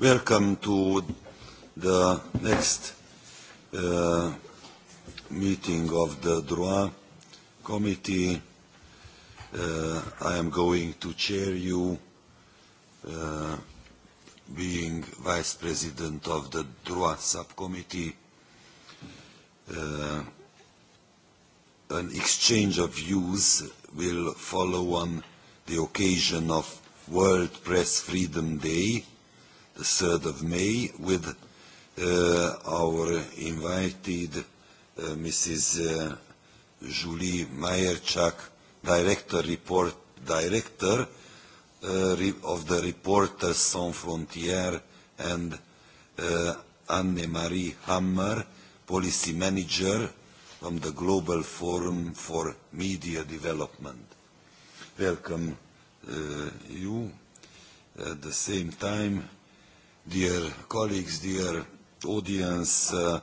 Welcome to the next uh, meeting of the DROA committee. Uh, I am going to chair you, uh, being vice president of the DROA subcommittee. Uh, an exchange of views will follow on the occasion of World Press Freedom Day 3rd of May with uh, our invited uh, Mrs. Uh, Julie Meyerchak, director report director uh, re of the Reporters Sans Frontières and uh, Anne-Marie Hammer, policy manager from the Global Forum for Media Development. Welcome uh, you. At the same time, dear colleagues, dear audience, uh,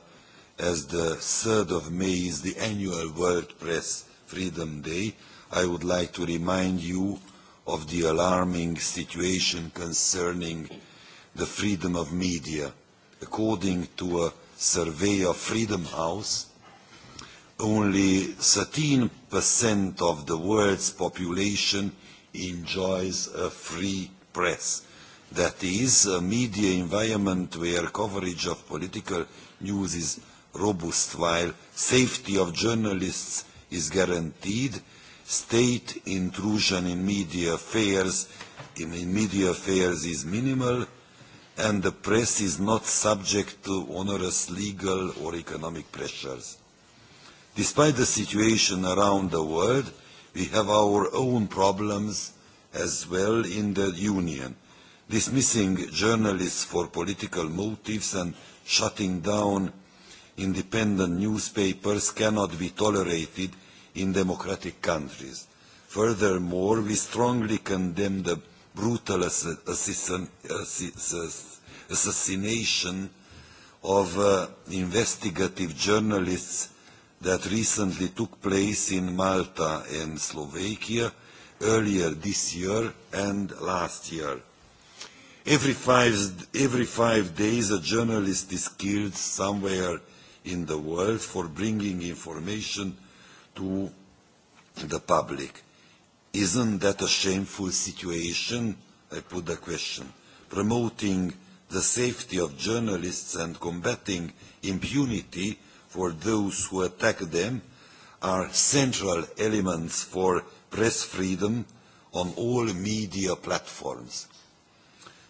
as the 3rd of May is the annual World Press Freedom Day, I would like to remind you of the alarming situation concerning the freedom of media. According to a survey of Freedom House, only 13% of the world's population enjoys a free press That is, a media environment where coverage of political news is robust while safety of journalists is guaranteed, state intrusion in media affairs, in, in media affairs is minimal, and the press is not subject to onerous legal or economic pressures. Despite the situation around the world, we have our own problems as well in the Union – dismissing journalists for political motives and shutting down independent newspapers cannot be tolerated in democratic countries. Furthermore, we strongly condemn the brutal assassination of uh, investigative journalists that recently took place in Malta and Slovakia earlier this year and last year Every five, every five days, a journalist is killed somewhere in the world for bringing information to the public. Isn't that a shameful situation? I put the question. Promoting the safety of journalists and combating impunity for those who attack them are central elements for press freedom on all media platforms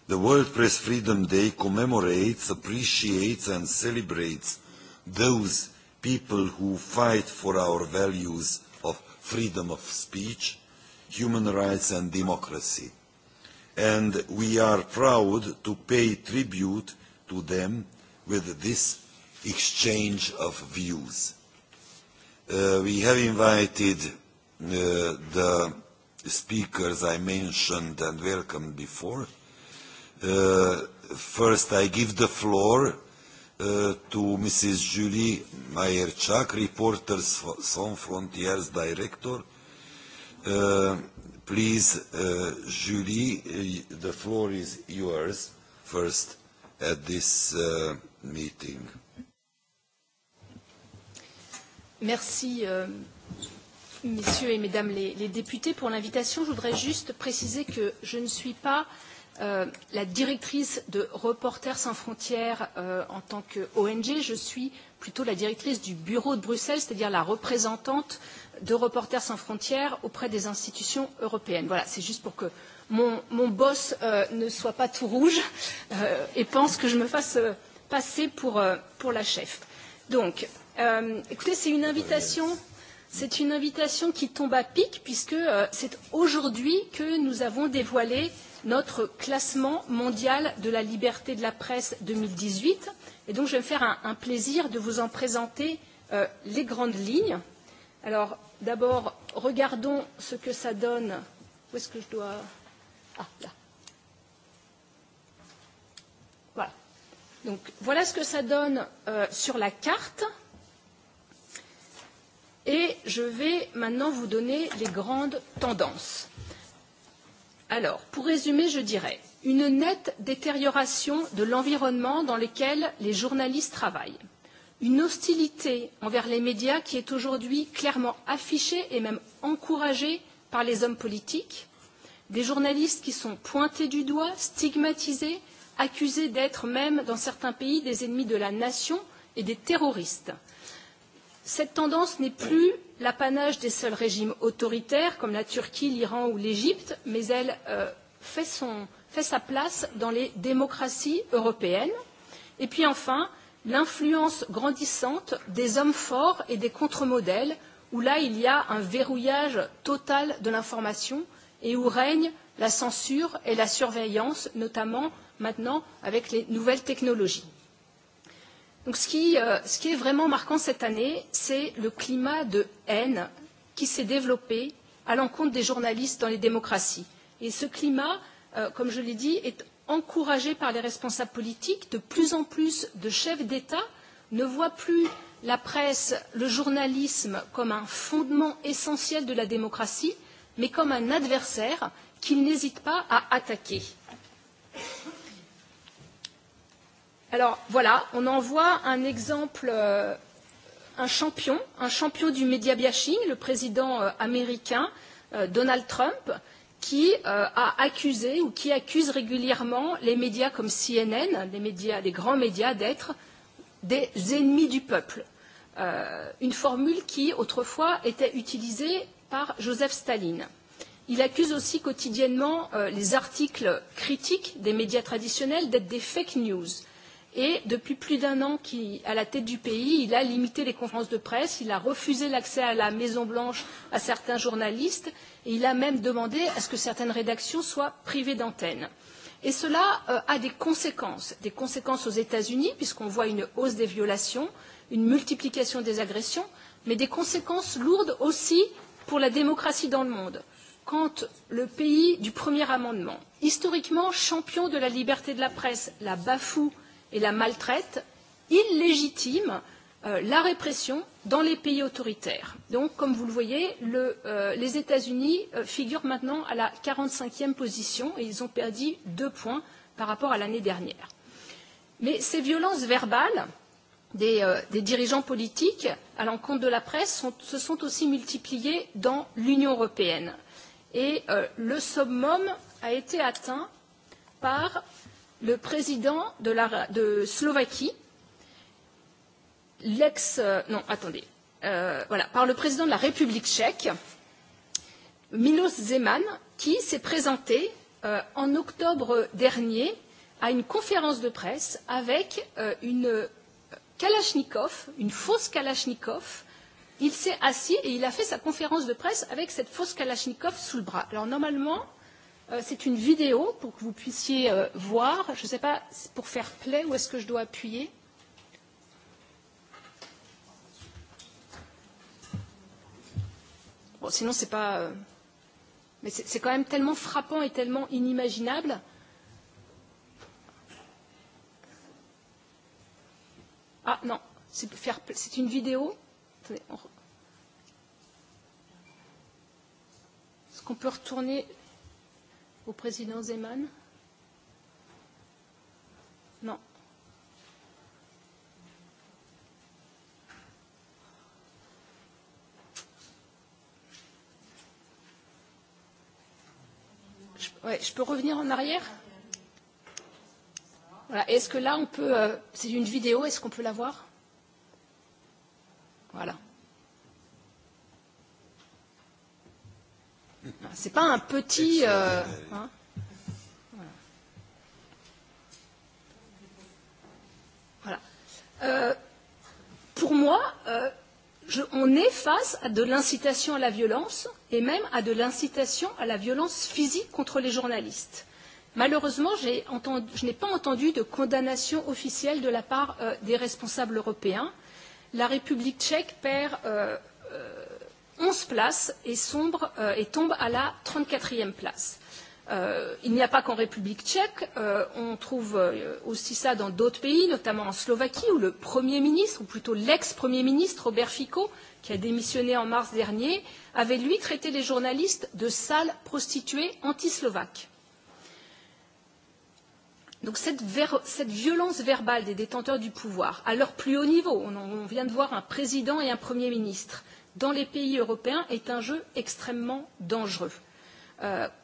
The World Press Freedom Day commemorates, appreciates and celebrates those people who fight for our values of freedom of speech, human rights and democracy. And we are proud to pay tribute to them with this exchange of views. Uh, we have invited uh, the speakers I mentioned and welcomed before first, I give the floor uh, to Mrs. Julie Mayerchak, Reporters Sans Frontiers Director. Uh, please, uh, Julie, uh, the floor is yours first at this uh, meeting. Merci, euh, messieurs et mesdames les, les députés, pour l'invitation. Je voudrais juste préciser que je ne suis pas euh, la directrice de Reporters sans frontières en tant qu'ONG, je suis plutôt la directrice du bureau de Bruxelles, c'est-à-dire la représentante de Reporters sans frontières auprès des institutions européennes. Voilà, c'est juste pour que mon, mon boss ne soit pas tout rouge et pense que je me fasse passer pour, pour la chef. Donc, écoutez, c'est une invitation. C'est une invitation qui tombe à pic puisque c'est aujourd'hui que nous avons dévoilé euh, notre classement mondial de la liberté de la presse 2018. Et donc, je vais me faire un, un plaisir de vous en présenter euh, les grandes lignes. Alors, d'abord, regardons ce que ça donne. Où est-ce que je dois. Ah, là. Voilà. Donc, voilà ce que ça donne euh, sur la carte. Et je vais maintenant vous donner les grandes tendances. Alors, pour résumer, je dirais une nette détérioration de l'environnement dans lequel les journalistes travaillent, une hostilité envers les médias qui est aujourd'hui clairement affichée et même encouragée par les hommes politiques, des journalistes qui sont pointés du doigt, stigmatisés, accusés d'être même dans certains pays des ennemis de la nation et des terroristes. Cette tendance n'est plus l'apanage des seuls régimes autoritaires comme la Turquie, l'Iran ou l'Égypte, mais elle fait, sa place dans les démocraties européennes. Et puis enfin, l'influence grandissante des hommes forts et des contre-modèles, où là il y a un verrouillage total de l'information et où règne la censure et la surveillance, notamment maintenant avec les nouvelles technologies. Donc ce qui, euh, ce qui est vraiment marquant cette année, c'est le climat de haine qui s'est développé à l'encontre des journalistes dans les démocraties. Et ce climat, euh, comme je l'ai dit, est encouragé par les responsables politiques. De plus en plus de chefs d'État ne voient plus la presse, le journalisme comme un fondement essentiel de la démocratie, mais comme un adversaire qu'ils n'hésitent pas à attaquer. Euh, Alors voilà, on en voit un exemple, euh, un champion, un champion du média bashing, le président euh, américain euh, Donald Trump, qui euh, a accusé ou qui accuse régulièrement les médias comme CNN, les médias, les grands médias, d'être des ennemis du peuple. Euh, une formule qui autrefois était utilisée par Joseph Staline. Il accuse aussi quotidiennement euh, les articles critiques des médias traditionnels d'être des fake news Et depuis plus d'un an à la tête du pays, il a limité les conférences de presse, il a refusé l'accès à la Maison Blanche à certains journalistes, et il a même demandé à ce que certaines rédactions soient privées d'antenne. Et cela euh, a des conséquences, des conséquences aux États-Unis, puisqu'on voit une hausse des violations, une multiplication des agressions, mais des conséquences lourdes aussi pour la démocratie dans le monde. Quand le pays du premier amendement, historiquement champion de la liberté de la presse, la bafoue et la maltraite, illégitime la répression dans les pays autoritaires. Donc, comme vous le voyez, les États-Unis figurent maintenant à la quarante cinquième position et ils ont perdu deux points par rapport à l'année dernière. Mais ces violences verbales des, dirigeants politiques à l'encontre de la presse se sont aussi multipliées dans l'Union européenne. Et le summum a été atteint par le président de, la, de Slovaquie, l'ex. Euh, non, attendez. Euh, voilà, par le président de la République tchèque, Milos Zeman, qui s'est présenté euh, en octobre dernier à une conférence de presse avec euh, une Kalachnikov, une fausse Kalachnikov. Il s'est assis et il a fait sa conférence de presse avec cette fausse Kalachnikov sous le bras. Alors normalement, c'est une vidéo pour que vous puissiez voir. Je ne sais pas pour faire play où est-ce que je dois appuyer. Bon, sinon c'est pas. Euh, mais c'est quand même tellement frappant et tellement inimaginable. Ah non, c'est faire. C'est une vidéo. Attendez, on... Est-ce qu'on peut retourner au président Zeman Non. Je, ouais, je peux revenir en arrière voilà. Est-ce que là, on peut. Euh, c'est une vidéo, est-ce qu'on peut la voir Voilà. Ce n'est pas un petit. Euh, hein voilà. euh, pour moi, euh, je, on est face à de l'incitation à la violence et même à de l'incitation à la violence physique contre les journalistes. Malheureusement, entendu, je n'ai pas entendu de condamnation officielle de la part euh, des responsables européens. La République tchèque perd. Euh, euh, 11 places et, sombre, euh, et tombe à la 34e place. Euh, il n'y a pas qu'en République tchèque, euh, on trouve euh, aussi ça dans d'autres pays, notamment en Slovaquie, où le Premier ministre, ou plutôt l'ex-Premier ministre Robert Fico, qui a démissionné en mars dernier, avait lui traité les journalistes de sales prostituées anti-slovaques. Donc cette, ver cette violence verbale des détenteurs du pouvoir, à leur plus haut niveau, on, on vient de voir un président et un Premier ministre, euh, dans les pays européens est un jeu extrêmement dangereux.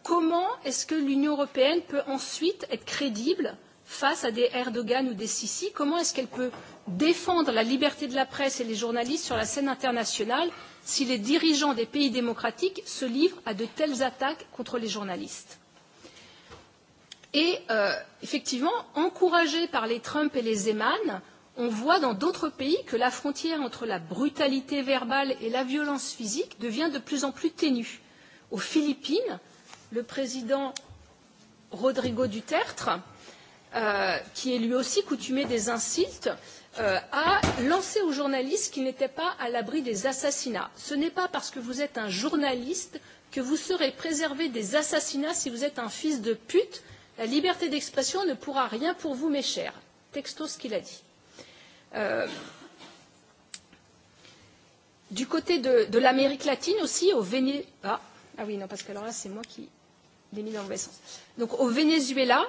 comment est-ce que l'Union européenne peut ensuite être crédible face à des Erdogan ou des Sisi Comment est-ce qu'elle peut défendre la liberté de la presse et les journalistes sur la scène internationale si les dirigeants des pays démocratiques se livrent à de telles attaques contre les journalistes Et effectivement, encouragés par les Trump et les Zeman, on voit dans d'autres pays que la frontière entre la brutalité verbale et la violence physique devient de plus en plus ténue. Aux Philippines, le président Rodrigo Duterte, qui est lui aussi coutumé des insultes, a lancé aux journalistes qu'ils n'étaient pas à l'abri des assassinats. Ce n'est pas parce que vous êtes un journaliste que vous serez préservé des assassinats si vous êtes un fils de pute. La liberté d'expression ne pourra rien pour vous, mes chers. Texto ce qu'il a dit du côté de, de l'Amérique latine aussi, au Venezuela. Ah, ah oui, non, parce que alors là, c'est moi qui l'ai mis dans le mauvais sens. Donc au Venezuela,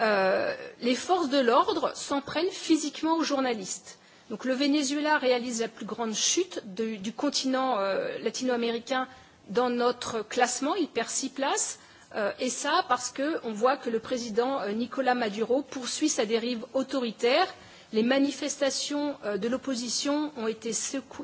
euh, les forces de l'ordre s'en prennent physiquement aux journalistes. Donc le Venezuela réalise la plus grande chute de, du continent euh, latino-américain dans notre classement. Il perd six places. Euh, et ça parce qu'on voit que le président euh, Nicolas Maduro poursuit sa dérive autoritaire euh, Les manifestations de l'opposition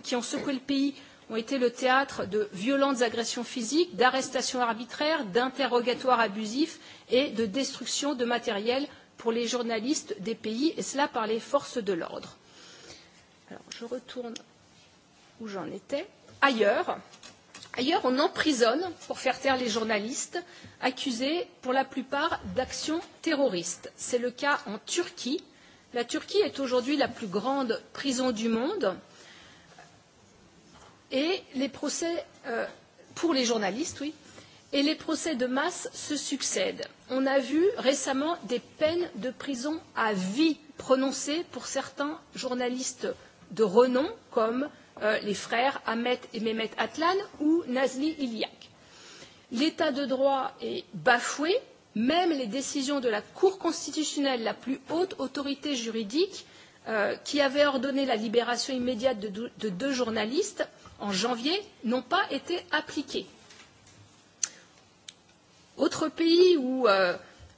qui ont secoué le pays ont été le théâtre de violentes agressions physiques, d'arrestations arbitraires, d'interrogatoires abusifs et de destruction de matériel pour les journalistes des pays, et cela par les forces de l'ordre. Alors, je retourne où j'en étais. Ailleurs, ailleurs, on emprisonne pour faire taire les journalistes accusés pour la plupart d'actions terroristes. C'est le cas en Turquie, La Turquie est aujourd'hui la plus grande prison du monde et les procès euh, pour les journalistes, oui, et les procès de masse se succèdent. On a vu récemment des peines de prison à vie prononcées pour certains journalistes de renom, comme euh, les frères Ahmet et Mehmet Atlan ou Nazli Iliak. L'état de droit est bafoué même les décisions de la Cour constitutionnelle, la plus haute autorité juridique, qui avait ordonné la libération immédiate de deux journalistes en janvier, n'ont pas été appliquées. Autre pays où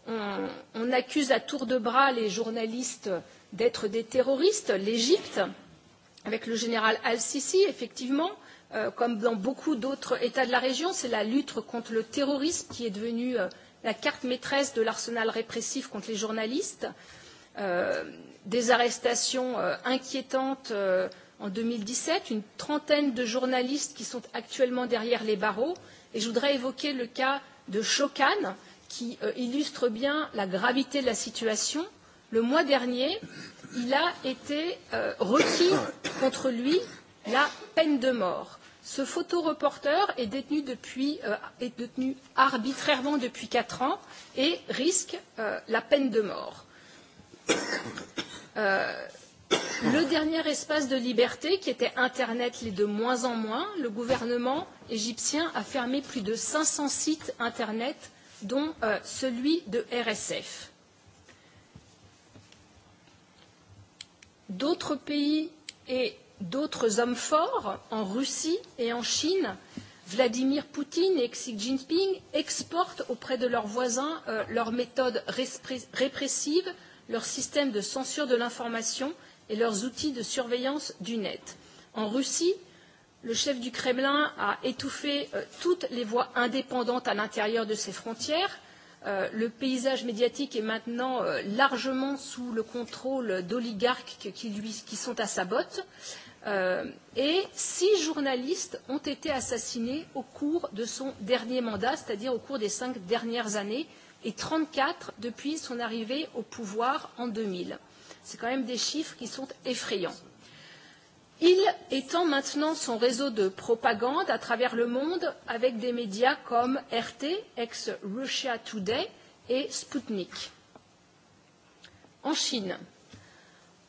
on, accuse à tour de bras les journalistes d'être des terroristes, l'Égypte, avec le général Al-Sisi, effectivement, comme dans beaucoup d'autres États de la région, c'est la lutte contre le terrorisme qui est devenue la carte maîtresse de l'arsenal répressif contre les journalistes, des arrestations inquiétantes en deux mille dix sept, une trentaine de journalistes qui sont actuellement derrière les barreaux. Et je voudrais évoquer le cas de Shokan, qui illustre bien la gravité de la situation. Le mois dernier, il a été requis contre lui la peine de mort. Ce photoreporter est détenu, depuis, euh, est détenu arbitrairement depuis 4 ans et risque euh, la peine de mort. Euh, le dernier espace de liberté, qui était Internet, l'est de moins en moins. Le gouvernement égyptien a fermé plus de 500 sites Internet, dont euh, celui de RSF. D'autres pays et d'autres hommes forts en Russie et en Chine, Vladimir Poutine et Xi Jinping, exportent auprès de leurs voisins leurs méthodes répressives, leurs systèmes de censure de l'information et leurs outils de surveillance du net. En Russie, le chef du Kremlin a étouffé toutes les voix indépendantes à l'intérieur de ses frontières. le paysage médiatique est maintenant largement sous le contrôle d'oligarques qui, sont à sa botte et six journalistes ont été assassinés au cours de son dernier mandat, c'est-à-dire au cours des cinq dernières années, et 34 depuis son arrivée au pouvoir en 2000. C'est quand même des chiffres qui sont effrayants. Il étend maintenant son réseau de propagande à travers le monde avec des médias comme RT, ex-Russia Today et Sputnik. En Chine,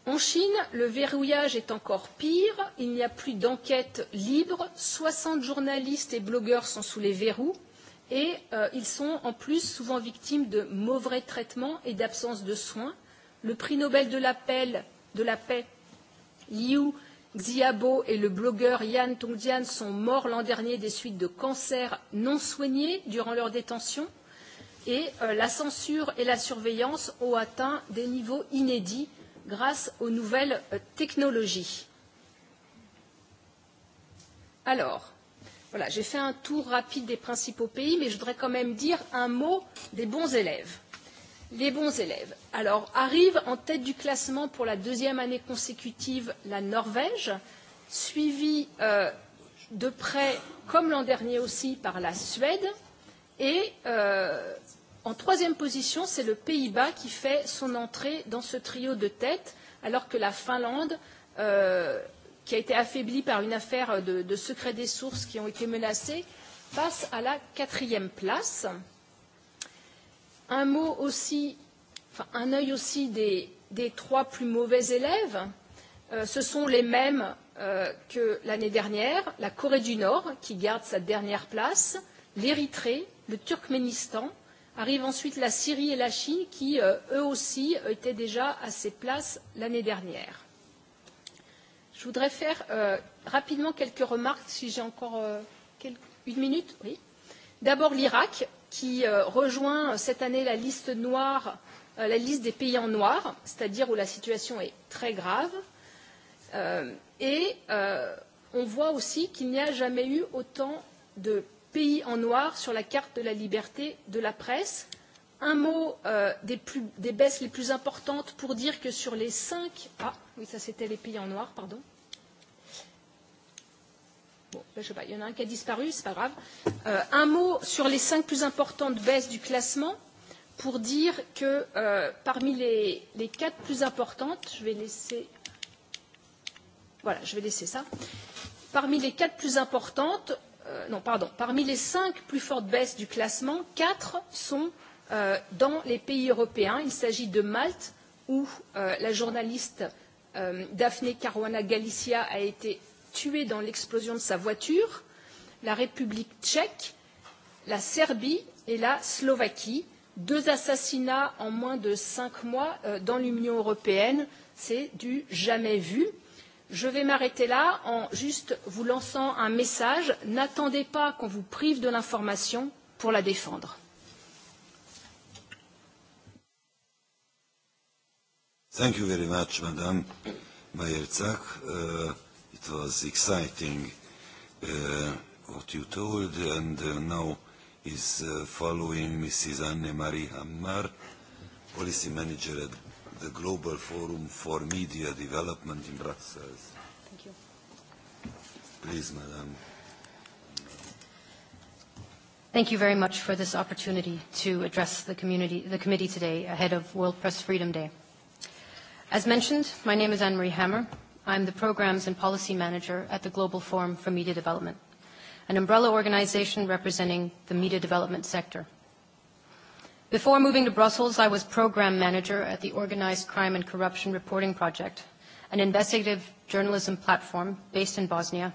En Chine, le verrouillage est encore pire. Il n'y a plus d'enquête libre. 60 journalistes et blogueurs sont sous les verrous et ils sont en plus souvent victimes de mauvais traitements et d'absence de soins. Le prix Nobel de la paix, Liu Xiaobo et le blogueur Yan Tongjian sont morts l'an dernier des suites de cancers non soignés durant leur détention et la censure et la surveillance ont atteint des niveaux inédits grâce aux nouvelles technologies. Alors, voilà, j'ai fait un tour rapide des principaux pays, mais je voudrais quand même dire un mot des bons élèves. Les bons élèves. Alors, arrive en tête du classement pour la deuxième année consécutive la Norvège, suivie euh, de près, comme l'an dernier aussi, par la Suède, et euh, En troisième position, c'est le Pays-Bas qui fait son entrée dans ce trio de tête, alors que la Finlande, euh, qui a été affaiblie par une affaire de, de secret des sources qui ont été menacées, passe à la quatrième place. Un mot aussi, enfin, un œil aussi des, des trois plus mauvais élèves. Euh, ce sont les mêmes euh, que l'année dernière, la Corée du Nord, qui garde sa dernière place, l'Érythrée, le Turkménistan, Arrivent ensuite la Syrie et la Chine qui, eux aussi, étaient déjà à ces places l'année dernière. Je voudrais faire rapidement quelques remarques, si j'ai encore une minute. Oui. D'abord l'Irak, qui rejoint cette année la liste noire, la liste des pays en noir, c'est-à-dire où la situation est très grave. et on voit aussi qu'il n'y a jamais eu autant de pays en noir sur la carte de la liberté de la presse. Un mot des, plus, des baisses les plus importantes pour dire que sur les cinq ah oui ça c'était les pays en noir pardon Bon, ben, je sais pas, il y en a un qui a disparu, c'est pas grave. Euh, un mot sur les cinq plus importantes baisses du classement pour dire que euh, parmi les, les quatre plus importantes, je vais laisser, voilà, je vais laisser ça. Parmi les quatre plus importantes, non, pardon, parmi les cinq plus fortes baisses du classement, quatre sont dans les pays européens. Il s'agit de Malte, où la journaliste Daphne Caruana Galicia a été tuée dans l'explosion de sa voiture, la République tchèque, la Serbie et la Slovaquie. Deux assassinats en moins de cinq mois dans l'Union européenne, c'est du jamais vu. Je vais m'arrêter là en juste vous lançant un message. N'attendez pas qu'on vous prive de l'information pour la défendre. Thank you very much, Madame Mayerzak. Uh, it was exciting uh, what you told, and uh, now is uh, following Mrs. Anne-Marie Hammar, Policy Manager at the Global Forum for Media Development in Brussels. Thank you. Please, Madam. Thank you very much for this opportunity to address the, community, the committee today ahead of World Press Freedom Day. As mentioned, my name is Anne-Marie Hammer. I'm the Programs and Policy Manager at the Global Forum for Media Development, an umbrella organization representing the media development sector. Before moving to Brussels, I was program manager at the Organized Crime and Corruption Reporting Project, an investigative journalism platform based in Bosnia,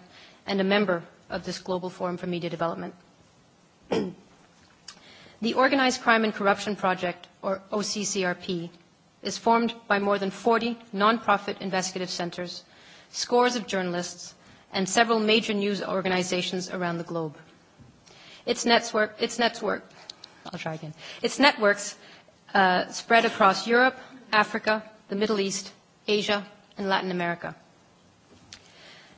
and a member of this Global Forum for Media Development. the Organized Crime and Corruption Project, or OCCRP, is formed by more than 40 non-profit investigative centers, scores of journalists, and several major news organizations around the globe. Its network, its network I'll try again. Its networks uh, spread across Europe, Africa, the Middle East, Asia, and Latin America.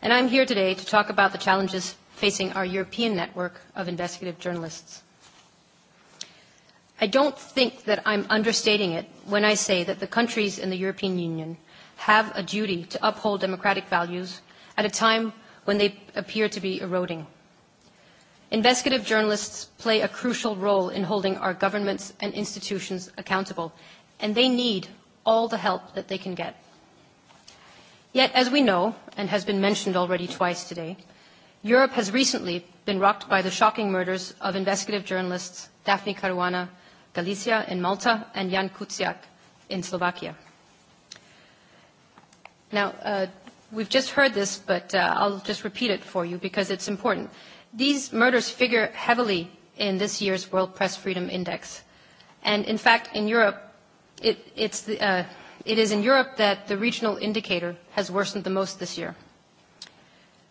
And I'm here today to talk about the challenges facing our European network of investigative journalists. I don't think that I'm understating it when I say that the countries in the European Union have a duty to uphold democratic values at a time when they appear to be eroding. Investigative journalists play a crucial role in holding our governments and institutions accountable, and they need all the help that they can get. Yet, as we know, and has been mentioned already twice today, Europe has recently been rocked by the shocking murders of investigative journalists Daphne Caruana Galicia in Malta and Jan Kuciak in Slovakia. Now, uh, we've just heard this, but uh, I'll just repeat it for you because it's important. These murders figure heavily in this year's World Press Freedom Index. And in fact, in Europe, it, it's the, uh, it is in Europe that the regional indicator has worsened the most this year.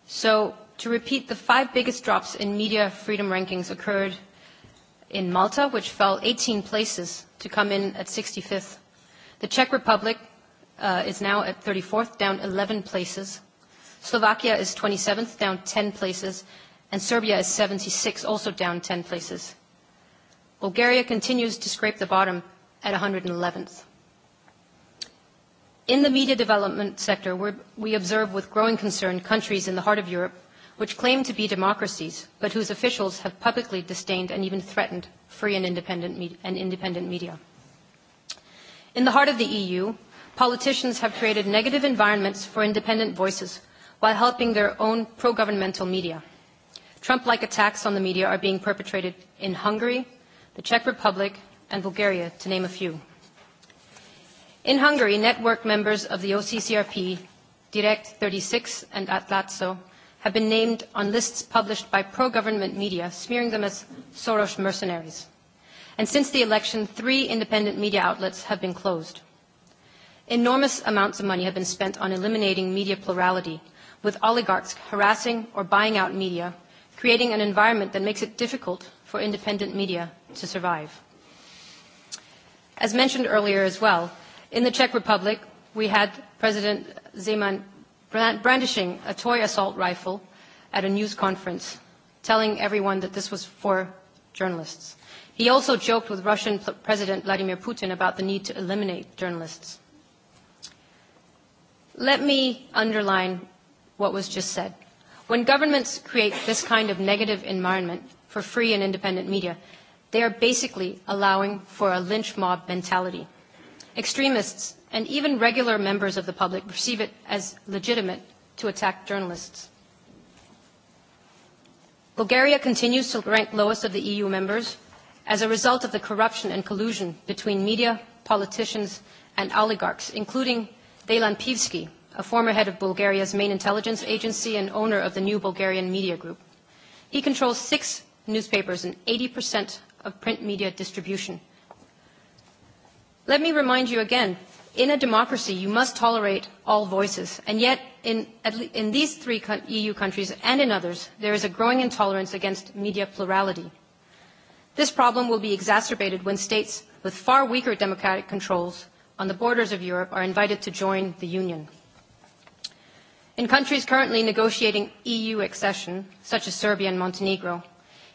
So to repeat, the five biggest drops in media freedom rankings occurred in Malta, which fell 18 places to come in at 65th. The Czech Republic uh, is now at 34th, down 11 places. Slovakia is 27th, down 10 places, and Serbia is 76, also down 10 places. Bulgaria continues to scrape the bottom at 111th. In the media development sector, we're, we observe with growing concern countries in the heart of Europe which claim to be democracies, but whose officials have publicly disdained and even threatened free and independent, me- and independent media. In the heart of the EU, politicians have created negative environments for independent voices while helping their own pro-governmental media – Trump-like attacks on the media are being perpetrated in Hungary, the Czech Republic, and Bulgaria, to name a few. In Hungary, network members of the OCCRP, Direct 36 and Atlazzo, have been named on lists published by pro-government media, smearing them as Soros mercenaries. And since the election, three independent media outlets have been closed. Enormous amounts of money have been spent on eliminating media plurality, with oligarchs harassing or buying out media creating an environment that makes it difficult for independent media to survive. As mentioned earlier as well, in the Czech Republic, we had President Zeman brandishing a toy assault rifle at a news conference, telling everyone that this was for journalists. He also joked with Russian President Vladimir Putin about the need to eliminate journalists. Let me underline what was just said. When governments create this kind of negative environment for free and independent media, they are basically allowing for a lynch mob mentality. Extremists and even regular members of the public perceive it as legitimate to attack journalists. Bulgaria continues to rank lowest of the EU members as a result of the corruption and collusion between media, politicians, and oligarchs, including Dejlan Pivsky, a former head of Bulgaria's main intelligence agency and owner of the new Bulgarian Media Group. He controls six newspapers and 80% of print media distribution. Let me remind you again, in a democracy, you must tolerate all voices. And yet, in, at le- in these three co- EU countries and in others, there is a growing intolerance against media plurality. This problem will be exacerbated when states with far weaker democratic controls on the borders of Europe are invited to join the Union. In countries currently negotiating EU accession, such as Serbia and Montenegro,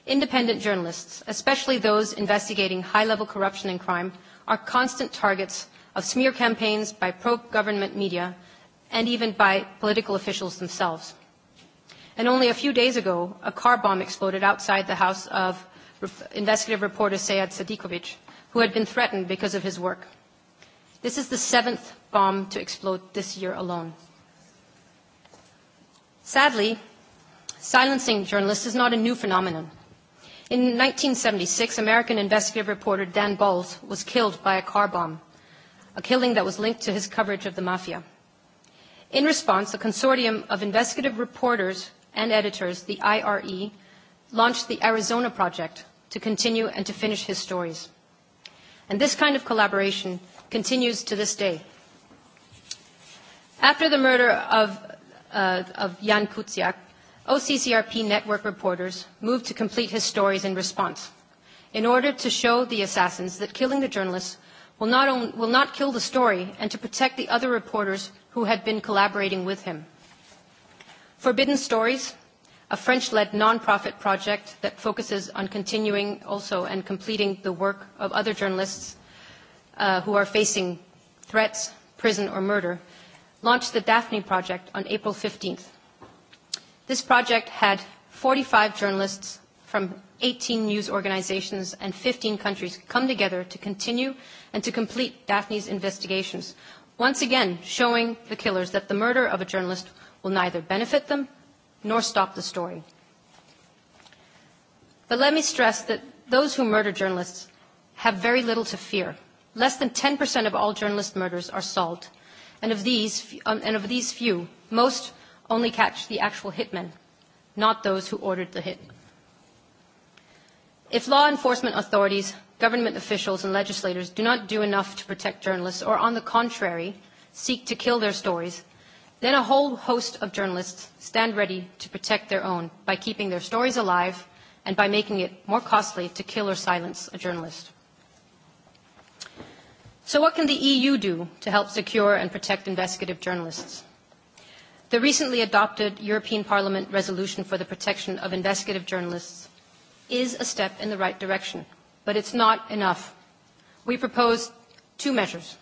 independent journalists, especially those investigating high-level corruption and crime, are constant targets of smear campaigns by pro-government media and even by political officials themselves. And only a few days ago, a car bomb exploded outside the house of investigative reporter Sayed Sadikovic, who had been threatened because of his work. This is the seventh bomb to explode this year alone. Sadly, silencing journalists is not a new phenomenon. In 1976, American investigative reporter Dan Bowles was killed by a car bomb, a killing that was linked to his coverage of the mafia. In response, a consortium of investigative reporters and editors, the IRE, launched the Arizona Project to continue and to finish his stories. And this kind of collaboration continues to this day. After the murder of uh, of Jan Kuciak, OCCRP network reporters moved to complete his stories in response in order to show the assassins that killing the journalists will not, only will not kill the story and to protect the other reporters who had been collaborating with him. Forbidden Stories, a French-led non-profit project that focuses on continuing also and completing the work of other journalists uh, who are facing threats, prison or murder, launched the Daphne Project on April 15th. This project had 45 journalists from 18 news organizations and 15 countries come together to continue and to complete Daphne's investigations, once again showing the killers that the murder of a journalist will neither benefit them nor stop the story. But let me stress that those who murder journalists have very little to fear. Less than 10% of all journalist murders are solved – and of these, and of these few, most only catch the actual hitmen, not those who ordered the hit. If law enforcement authorities, government officials, and legislators do not do enough to protect journalists, or on the contrary, seek to kill their stories, then a whole host of journalists stand ready to protect their own by keeping their stories alive and by making it more costly to kill or silence a journalist. So what can the EU do to help secure and protect investigative journalists? The recently adopted European Parliament resolution for the protection of investigative journalists is a step in the right direction, but it's not enough. We propose two measures.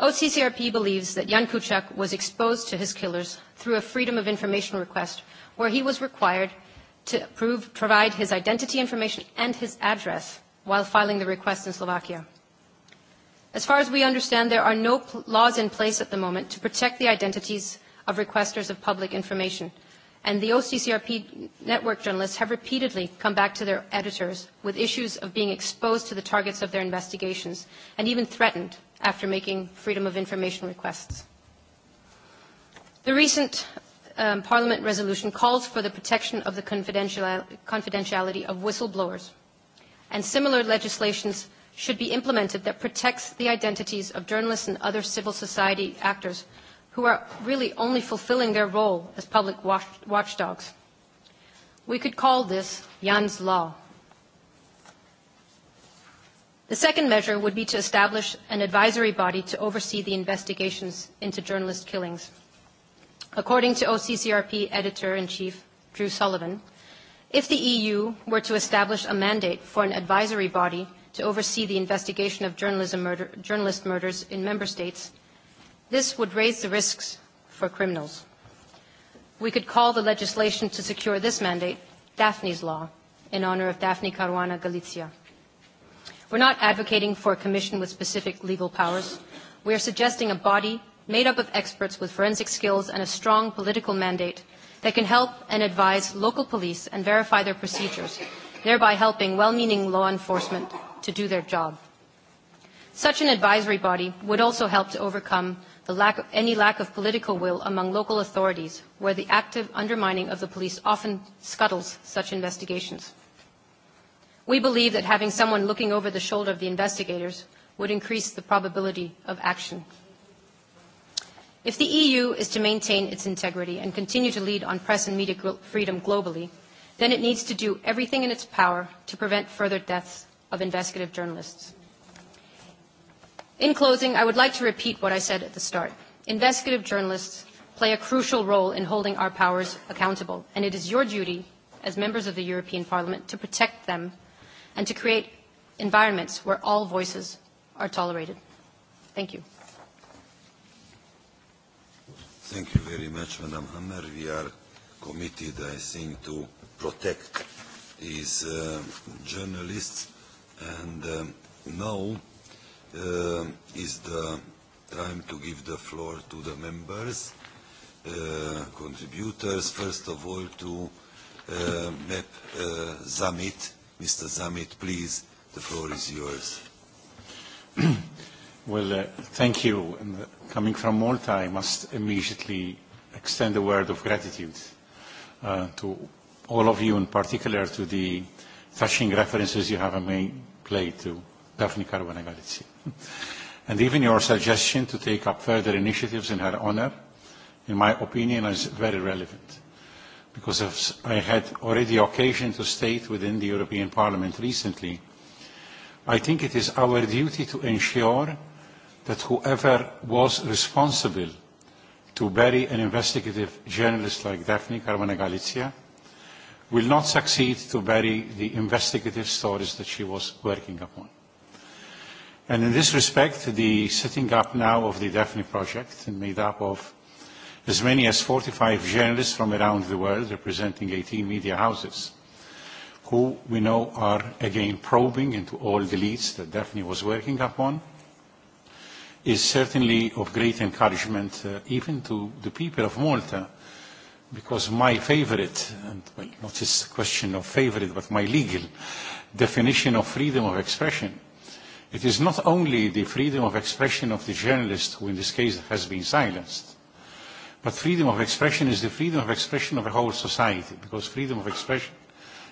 OCCRP believes that Jan Kuciak was exposed to his killers through a Freedom of Information request where he was required to prove, provide his identity information and his address while filing the request in Slovakia. As far as we understand, there are no laws in place at the moment to protect the identities of requesters of public information. And the OCCRP network journalists have repeatedly come back to their editors with issues of being exposed to the targets of their investigations and even threatened after making freedom of information requests. The recent um, Parliament resolution calls for the protection of the confidentiality of whistleblowers, and similar legislations should be implemented that protects the identities of journalists and other civil society actors who are really only fulfilling their role as public watch, watchdogs. We could call this Jan's Law. The second measure would be to establish an advisory body to oversee the investigations into journalist killings. According to OCCRP Editor-in-Chief Drew Sullivan, if the EU were to establish a mandate for an advisory body to oversee the investigation of journalism murder, journalist murders in member states, this would raise the risks for criminals. We could call the legislation to secure this mandate Daphne's Law in honor of Daphne Caruana Galizia. We're not advocating for a commission with specific legal powers. We are suggesting a body made up of experts with forensic skills and a strong political mandate that can help and advise local police and verify their procedures, thereby helping well-meaning law enforcement to do their job. Such an advisory body would also help to overcome the lack of, any lack of political will among local authorities, where the active undermining of the police often scuttles such investigations. We believe that having someone looking over the shoulder of the investigators would increase the probability of action. If the EU is to maintain its integrity and continue to lead on press and media freedom globally, then it needs to do everything in its power to prevent further deaths of investigative journalists. In closing, I would like to repeat what I said at the start. Investigative journalists play a crucial role in holding our powers accountable, and it is your duty as members of the European Parliament to protect them and to create environments where all voices are tolerated. Thank you. Thank you very much, Madam Hammer. We are committed, I think, to protect these uh, journalists And uh, now uh, is the time to give the floor to the members, uh, contributors, first of all to uh, MEP uh, Zamit. Mr. Zamit, please, the floor is yours. well, uh, thank you. And, uh, coming from Malta, I must immediately extend a word of gratitude uh, to all of you, in particular to the touching references you have made play to Daphne Caruana Galizia. And even your suggestion to take up further initiatives in her honor, in my opinion, is very relevant. Because as I had already occasion to state within the European Parliament recently, I think it is our duty to ensure that whoever was responsible to bury an investigative journalist like Daphne Caruana Galizia will not succeed to bury the investigative stories that she was working upon. And in this respect, the setting up now of the Daphne Project, made up of as many as 45 journalists from around the world representing 18 media houses, who we know are again probing into all the leads that Daphne was working upon, is certainly of great encouragement uh, even to the people of Malta because my favorite, and well, not just a question of favorite, but my legal definition of freedom of expression, it is not only the freedom of expression of the journalist who in this case has been silenced, but freedom of expression is the freedom of expression of a whole society, because freedom of expression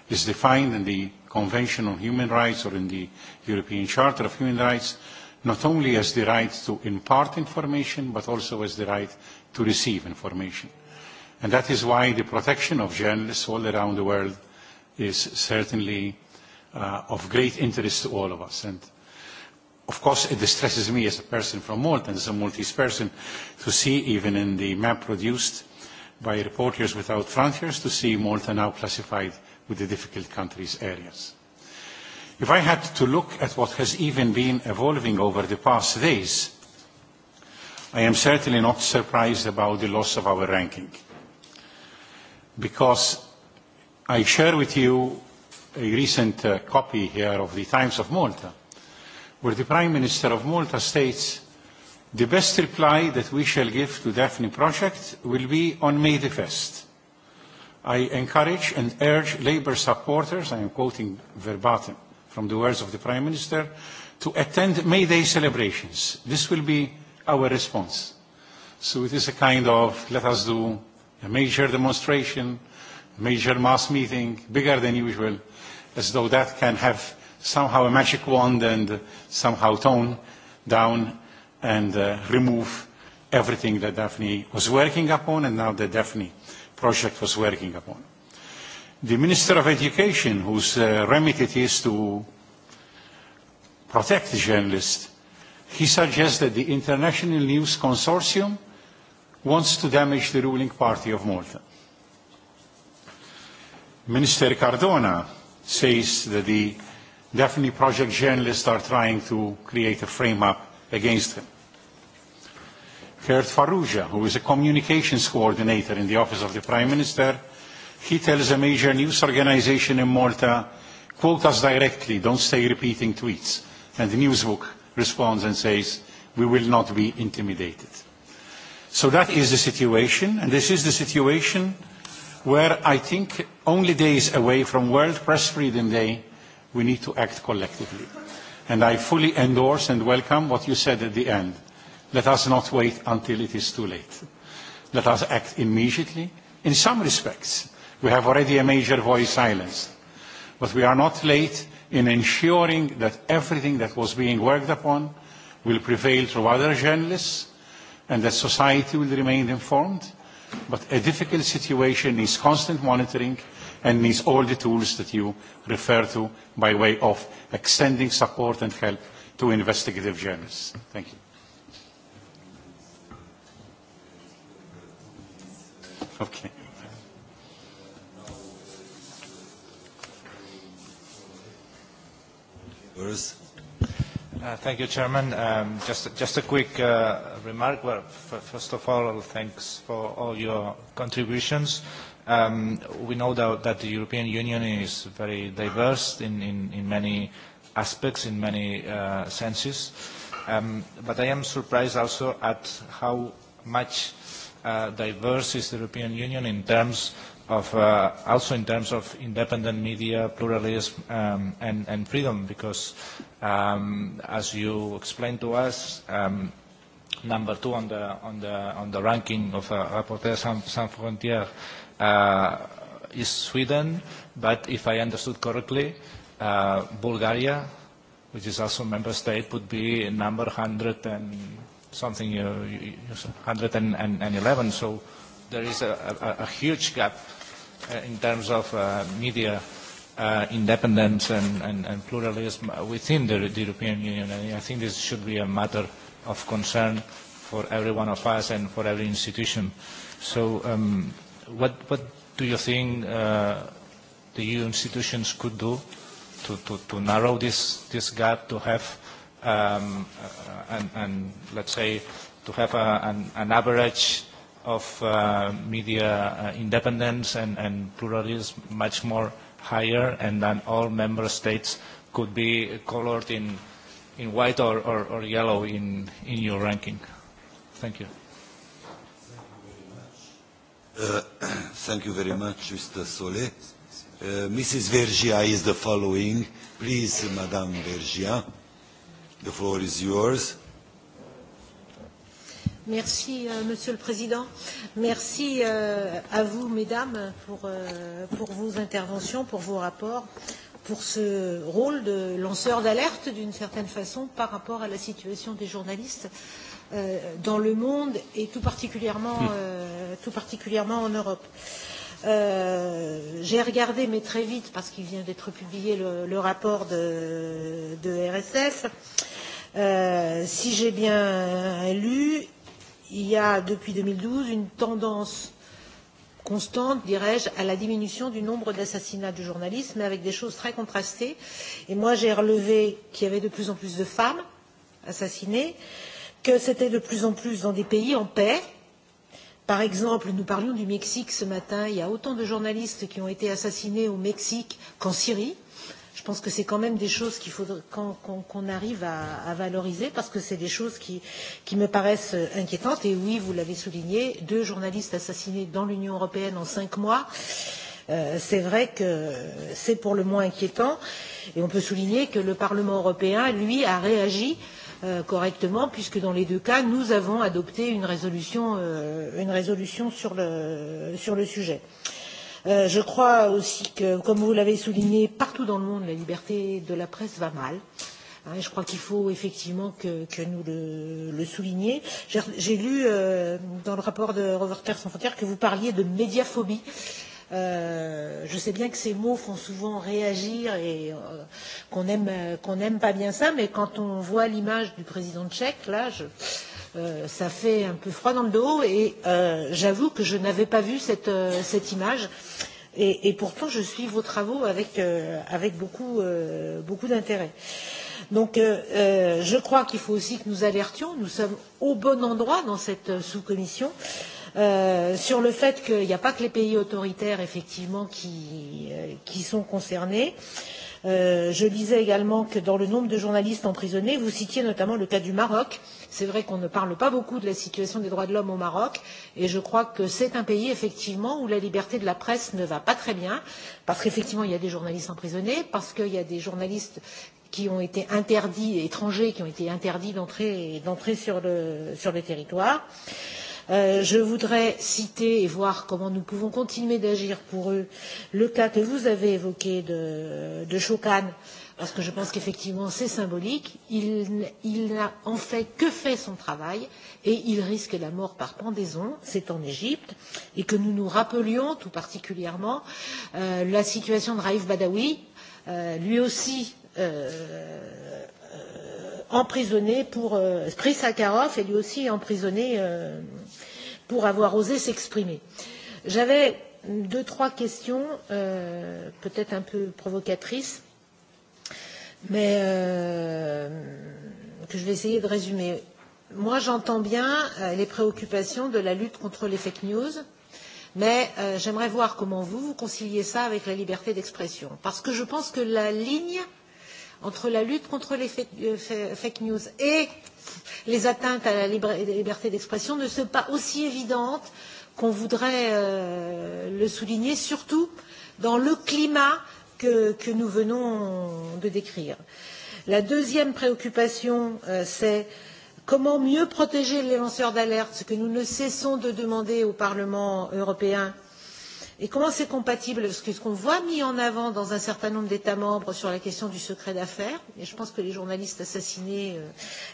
is defined in the Convention on Human Rights or in the European Charter of Human Rights, not only as the right to impart information, but also as the right to receive information. And that is why the protection of journalists all around the world is certainly uh, of great interest to all of us. And of course, it distresses me as a person from Malta, as a Maltese person, to see even in the map produced by Reporters Without Frontiers, to see Malta now classified with the difficult countries areas. If I had to look at what has even been evolving over the past days, I am certainly not surprised about the loss of our ranking because I share with you a recent uh, copy here of the Times of Malta, where the Prime Minister of Malta states, the best reply that we shall give to Daphne project will be on May the 1st. I encourage and urge Labour supporters, I am quoting verbatim from the words of the Prime Minister, to attend May Day celebrations. This will be our response. So it is a kind of let us do a major demonstration, a major mass meeting, bigger than usual, as though that can have somehow a magic wand and somehow tone down and uh, remove everything that Daphne was working upon and now the Daphne project was working upon. The Minister of Education, whose uh, remit it is to protect journalists, he suggested the International News Consortium wants to damage the ruling party of Malta. Minister Cardona says that the Daphne Project journalists are trying to create a frame-up against him. Kurt Farrugia, who is a communications coordinator in the office of the Prime Minister, he tells a major news organization in Malta, quote us directly, don't stay repeating tweets. And the Newsbook responds and says, we will not be intimidated. So that is the situation, and this is the situation where I think only days away from World Press Freedom Day, we need to act collectively. And I fully endorse and welcome what you said at the end. Let us not wait until it is too late. Let us act immediately. In some respects, we have already a major voice silenced. But we are not late in ensuring that everything that was being worked upon will prevail through other journalists, and that society will remain informed. But a difficult situation needs constant monitoring and needs all the tools that you refer to by way of extending support and help to investigative journalists. Thank you. Okay. Uh, thank you, Chairman. Um, just, just a quick uh, remark. Well, f first of all, thanks for all your contributions. Um, we know that, that the European Union is very diverse in, in, in many aspects, in many uh, senses. Um, but I am surprised also at how much uh, diverse is the European Union in terms of uh, also in terms of independent media, pluralism, um, and, and freedom, because um, as you explained to us, um, number two on the on the on the ranking of uh, Rapporteur Sans, Sans Frontières uh, is Sweden, but if I understood correctly, uh, Bulgaria, which is also a member state, would be number 100 and something, uh, 111. So there is a, a, a huge gap uh, in terms of uh, media uh, independence and, and, and pluralism within the, the European Union. And I think this should be a matter of concern for every one of us and for every institution. So um, what, what do you think uh, the EU institutions could do to, to, to narrow this, this gap, to have, um, and, and let's say, to have a, an, an average of uh, media uh, independence and, and pluralism much more higher and then all member states could be colored in in white or, or, or yellow in, in your ranking. Thank you. thank you very much, uh, you very much Mr. Sole. Uh, Mrs. Vergia is the following. Please, Madame Vergia, the floor is yours. Merci, euh, Monsieur le Président. Merci euh, à vous, Mesdames, pour, euh, pour vos interventions, pour vos rapports. Euh, pour ce rôle de lanceur d'alerte, d'une certaine façon, par rapport à la situation des journalistes euh, dans le monde et tout particulièrement, euh, tout particulièrement en Europe. Euh, J'ai regardé, mais très vite, parce qu'il vient d'être publié le, le rapport de, de RSF. Euh, si j'ai bien lu, il y a depuis 2012 une tendance constante, dirais-je, à la diminution du nombre d'assassinats de journalistes, mais avec des choses très contrastées. Et moi, j'ai relevé qu'il y avait de plus en plus de femmes assassinées, que c'était de plus en plus dans des pays en paix. Par exemple, nous parlions du Mexique ce matin, il y a autant de journalistes qui ont été assassinés au Mexique qu'en Syrie pense que c'est quand même des choses qu'il faudrait qu'on qu qu arrive à, à valoriser parce que c'est des choses qui, qui me paraissent inquiétantes. Et oui, vous l'avez souligné, deux journalistes assassinés dans l'Union européenne en cinq mois. Euh, c'est vrai que c'est pour le moins inquiétant et on peut souligner que le Parlement européen, lui, a réagi euh, correctement puisque dans les deux cas, nous avons adopté une résolution, euh, une résolution sur, le, sur le sujet. Euh, je crois aussi que, comme vous l'avez souligné, partout dans le monde, la liberté de la presse va mal. Je crois qu'il faut effectivement que, que nous le, le soulignions. J'ai lu euh, dans le rapport de Reporters sans frontières que vous parliez de médiaphobie. Euh, je sais bien que ces mots font souvent réagir et euh, qu'on n'aime pas bien ça, mais quand on voit l'image du président tchèque, là, je, euh, ça fait un peu froid dans le dos et j'avoue que je n'avais pas vu cette, image. Et, pourtant, je suis vos travaux avec, beaucoup, d'intérêt. Donc, je crois qu'il faut aussi que nous alertions. Nous sommes au bon endroit dans cette sous-commission sur le fait qu'il n'y a pas que les pays autoritaires, effectivement, qui, sont concernés. Euh, je lisais également que dans le nombre de journalistes emprisonnés, vous citiez notamment le cas du Maroc. C'est vrai qu'on ne parle pas beaucoup de la situation des droits de l'homme au Maroc, et je crois que c'est un pays effectivement où la liberté de la presse ne va pas très bien, parce qu'effectivement il y a des journalistes emprisonnés, parce qu'il y a des journalistes qui ont été interdits, étrangers qui ont été interdits d'entrer sur le territoire. Euh, je voudrais citer et voir comment nous pouvons continuer d'agir pour eux le cas que vous avez évoqué de, de Shokan, parce que je pense qu'effectivement c'est symbolique. Il, il n'a en fait que fait son travail et il risque la mort par pendaison, c'est en Égypte, et que nous nous rappelions tout particulièrement euh, la situation de Raif Badawi, euh, lui aussi. Euh, emprisonné pour euh, prix Sakharov est lui aussi emprisonné euh, pour avoir osé s'exprimer. J'avais deux, trois questions, euh, peut-être un peu provocatrices, mais euh, que je vais essayer de résumer. Moi, j'entends bien euh, les préoccupations de la lutte contre les fake news, mais euh, j'aimerais voir comment vous, vous conciliez ça avec la liberté d'expression. Parce que je pense que la ligne entre la lutte contre les fake news et les atteintes à la liberté d'expression ne sont pas aussi évidentes qu'on voudrait le souligner, surtout dans le climat que, que nous venons de décrire. La deuxième préoccupation, c'est comment mieux protéger les lanceurs d'alerte, ce que nous ne cessons de demander au Parlement européen Et comment c'est compatible Parce que ce qu'on voit mis en avant dans un certain nombre d'États membres sur la question du secret d'affaires, et je pense que les journalistes assassinés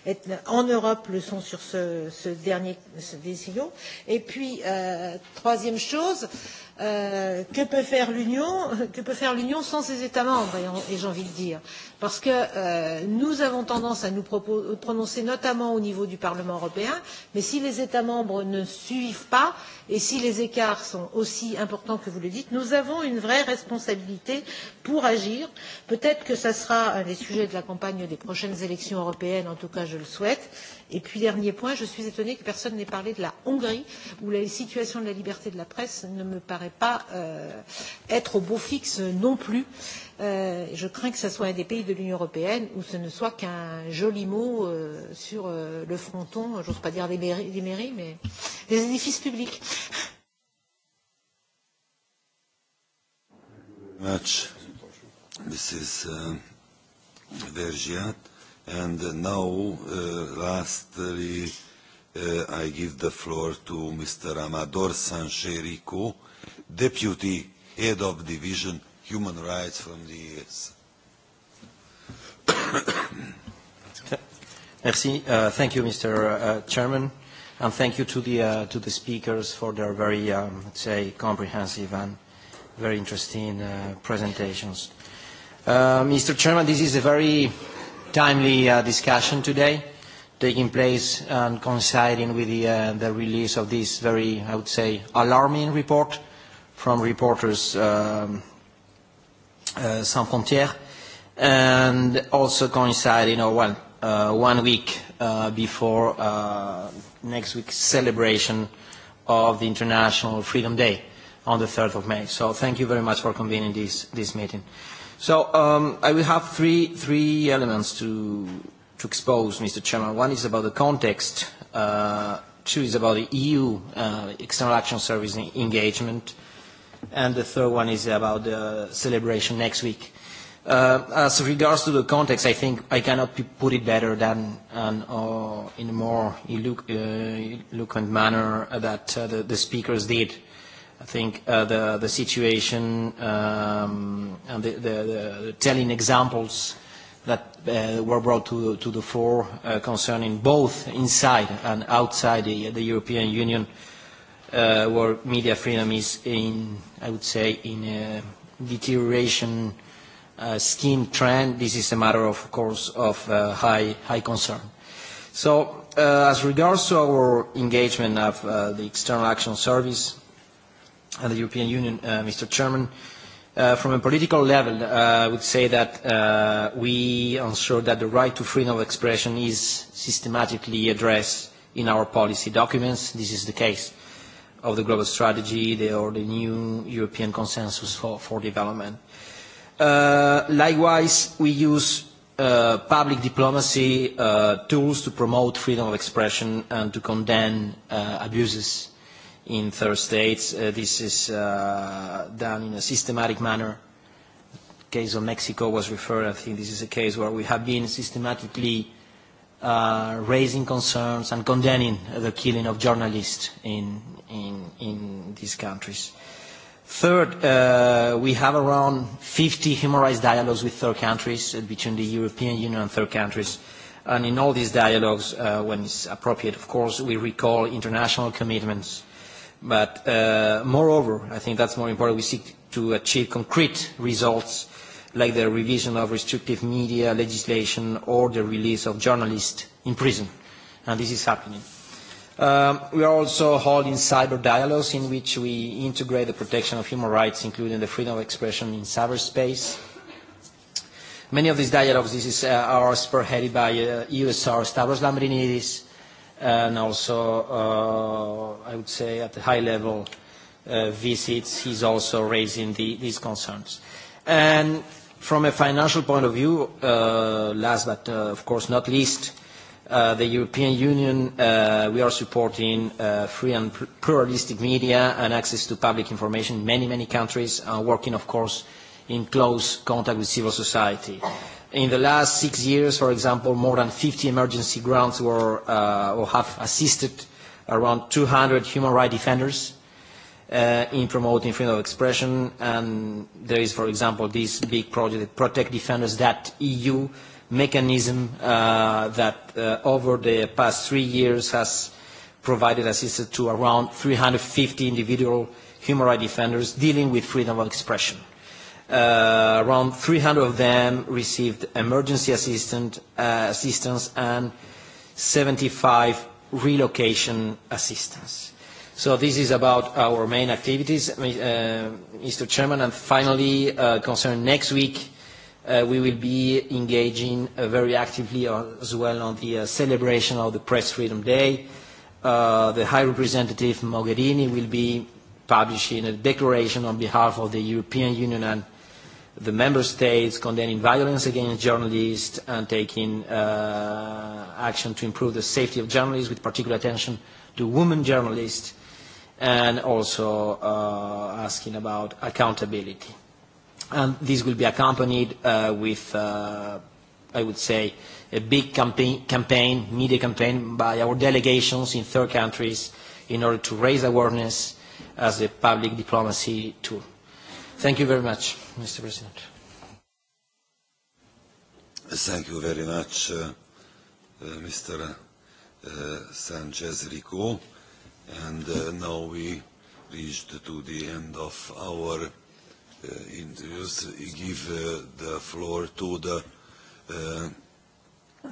euh, en Europe le sont sur ce, ce dernier ce décision. Et puis, euh, troisième chose, euh, euh, que peut faire l'Union Que peut faire l'Union sans ses États membres Et, et j'ai envie de dire, parce que euh, nous avons tendance à nous prononcer notamment au niveau du Parlement européen, mais si les États membres ne suivent pas et si les écarts sont aussi importants que vous le dites, nous avons une vraie responsabilité pour agir. Peut-être que ça sera un des sujets de la campagne des prochaines élections européennes, en tout cas je le souhaite Et puis, dernier point, je suis étonnée que personne n'ait parlé de la Hongrie, où la situation de la liberté de la presse ne me paraît pas être au beau fixe non plus. je crains que ce soit un des pays de l'Union européenne où ce ne soit qu'un joli mot sur le fronton, j'ose pas dire des mairies, mais des édifices publics. much, And now, lastly, I give the floor to Mr. Amador Sancherico, Deputy Head of Division Human Rights from the ES. Merci. Uh, thank you, Mr. Uh, Chairman, and thank you to the, uh, to the speakers for their very, um, let's say, comprehensive and very interesting uh, presentations. Uh, Mr. Chairman, this is a very timely uh, discussion today taking place and coinciding with the, uh, the release of this very, I would say, alarming report from reporters um, uh, Sans Frontières and also coinciding, or well, uh, one week uh, before uh, next week's celebration of the International Freedom Day on the 3rd of May. So thank you very much for convening this, this meeting. So um, I will have three, three elements to, to expose, Mr. Chairman. One is about the context. Uh, two is about the EU uh, External Action Service engagement. And the third one is about the celebration next week. Uh, as regards to the context, I think I cannot put it better than and, or in a more eloquent manner that uh, the, the speakers did. Uh, I think uh, the, the situation um, and the, the, the telling examples that uh, were brought to, to the fore uh, concerning both inside and outside the, the European Union uh, where media freedom is in, I would say, in a deterioration uh, scheme trend. This is a matter, of course, of uh, high, high concern. So uh, as regards to our engagement of uh, the External Action Service, and the European Union, uh, Mr. Chairman. Uh, from a political level, uh, I would say that uh, we ensure that the right to freedom of expression is systematically addressed in our policy documents. This is the case of the global strategy the, or the new European consensus for, for development. Uh, likewise, we use uh, public diplomacy uh, tools to promote freedom of expression and to condemn uh, abuses in third states. Uh, this is uh, done in a systematic manner. The case of Mexico was referred. I think this is a case where we have been systematically uh, raising concerns and condemning the killing of journalists in, in, in these countries. Third, uh, we have around 50 human rights dialogues with third countries, uh, between the European Union and third countries. And in all these dialogues, uh, when it's appropriate, of course, we recall international commitments But uh, moreover, I think that's more important, we seek to achieve concrete results like the revision of restrictive media legislation or the release of journalists in prison. And this is happening. Um, we are also holding cyber dialogues in which we integrate the protection of human rights, including the freedom of expression in cyberspace. Many of these dialogues this is, uh, are spearheaded by uh, USR Stavros Lambrinidis, and also, I would say, at the high-level visits, he's also raising these concerns. And from a financial point of view, last but, of course, not least, the European Union, we are supporting free and pluralistic media and access to public information in many, many countries, and working, of course, in close contact with civil society. In the last six years, for example, more than 50 emergency grounds were uh, or have assisted around 200 human rights defenders uh, in promoting freedom of expression. And there is, for example, this big project, Protect Defenders, that EU mechanism uh, that uh, over the past three years has provided assistance to around 350 individual human rights defenders dealing with freedom of expression. Uh, around 300 of them received emergency assistant, uh, assistance and 75 relocation assistance. So this is about our main activities, uh, Mr. Chairman. And finally, uh, concerning next week, uh, we will be engaging uh, very actively as well on the uh, celebration of the Press Freedom Day. Uh, the High Representative Mogherini will be publishing a declaration on behalf of the European Union and the member states condemning violence against journalists and taking uh, action to improve the safety of journalists with particular attention to women journalists and also uh, asking about accountability. And this will be accompanied uh, with, uh, I would say, a big campaign, campaign, media campaign by our delegations in third countries in order to raise awareness as a public diplomacy tool. Thank you very much, Mr. President. Thank you very much, uh, uh, Mr. Uh, Sanchez Rico. And uh, now we reached to the end of our uh, interviews. We give uh, the floor to the uh, uh,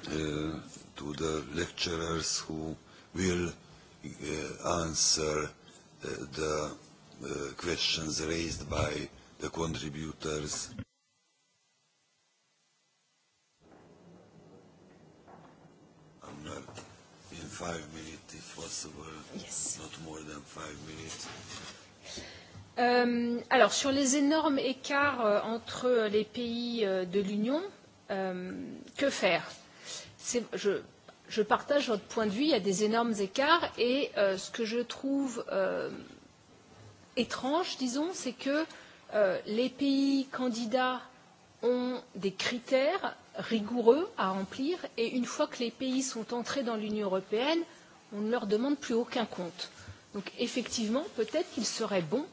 to the lecturers who will uh, answer uh, the uh, questions raised by the contributors. I'm not in five minutes, if possible. Yes. Not more than five minutes. Euh, alors, sur les énormes écarts euh, entre les pays euh, de l'Union, euh, que faire je, je partage votre point de vue, il y a des énormes écarts et euh, ce que je trouve euh, étrange, disons, c'est que euh, les pays candidats ont des critères rigoureux à remplir et une fois que les pays sont entrés dans l'Union européenne, on ne leur demande plus aucun compte. Donc effectivement, peut-être qu'il serait bon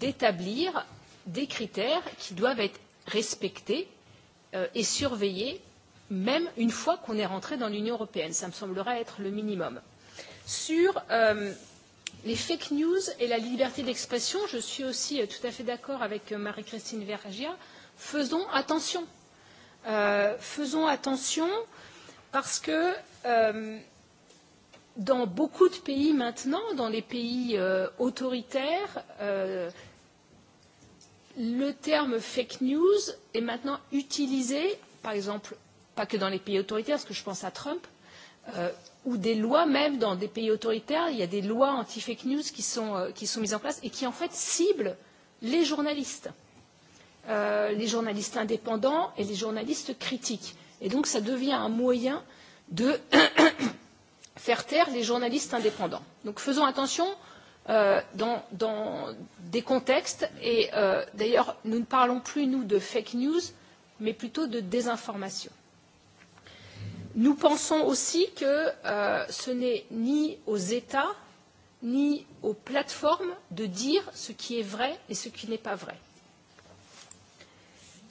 d'établir des critères qui doivent être respectés et surveillés même une fois qu'on est rentré dans l'Union européenne. Ça me semblerait être le minimum. Sur euh, les fake news et la liberté d'expression, je suis aussi tout à fait d'accord avec Marie-Christine Vergia, faisons attention. Euh, faisons attention parce que euh, dans beaucoup de pays maintenant, dans les pays euh, autoritaires, euh, le terme fake news est maintenant utilisé, par exemple, pas que dans les pays autoritaires, parce que je pense à Trump, ou des lois même dans des pays autoritaires, il y a des lois anti-fake news qui sont, qui sont mises en place et qui en fait ciblent les journalistes, euh, les journalistes indépendants et les journalistes critiques. Et donc ça devient un moyen de faire taire les journalistes indépendants. Donc faisons attention euh, dans, dans des contextes et euh, d'ailleurs nous ne parlons plus nous de fake news mais plutôt de désinformation Nous pensons aussi que ce n'est ni aux États ni aux plateformes de dire ce qui est vrai et ce qui n'est pas vrai.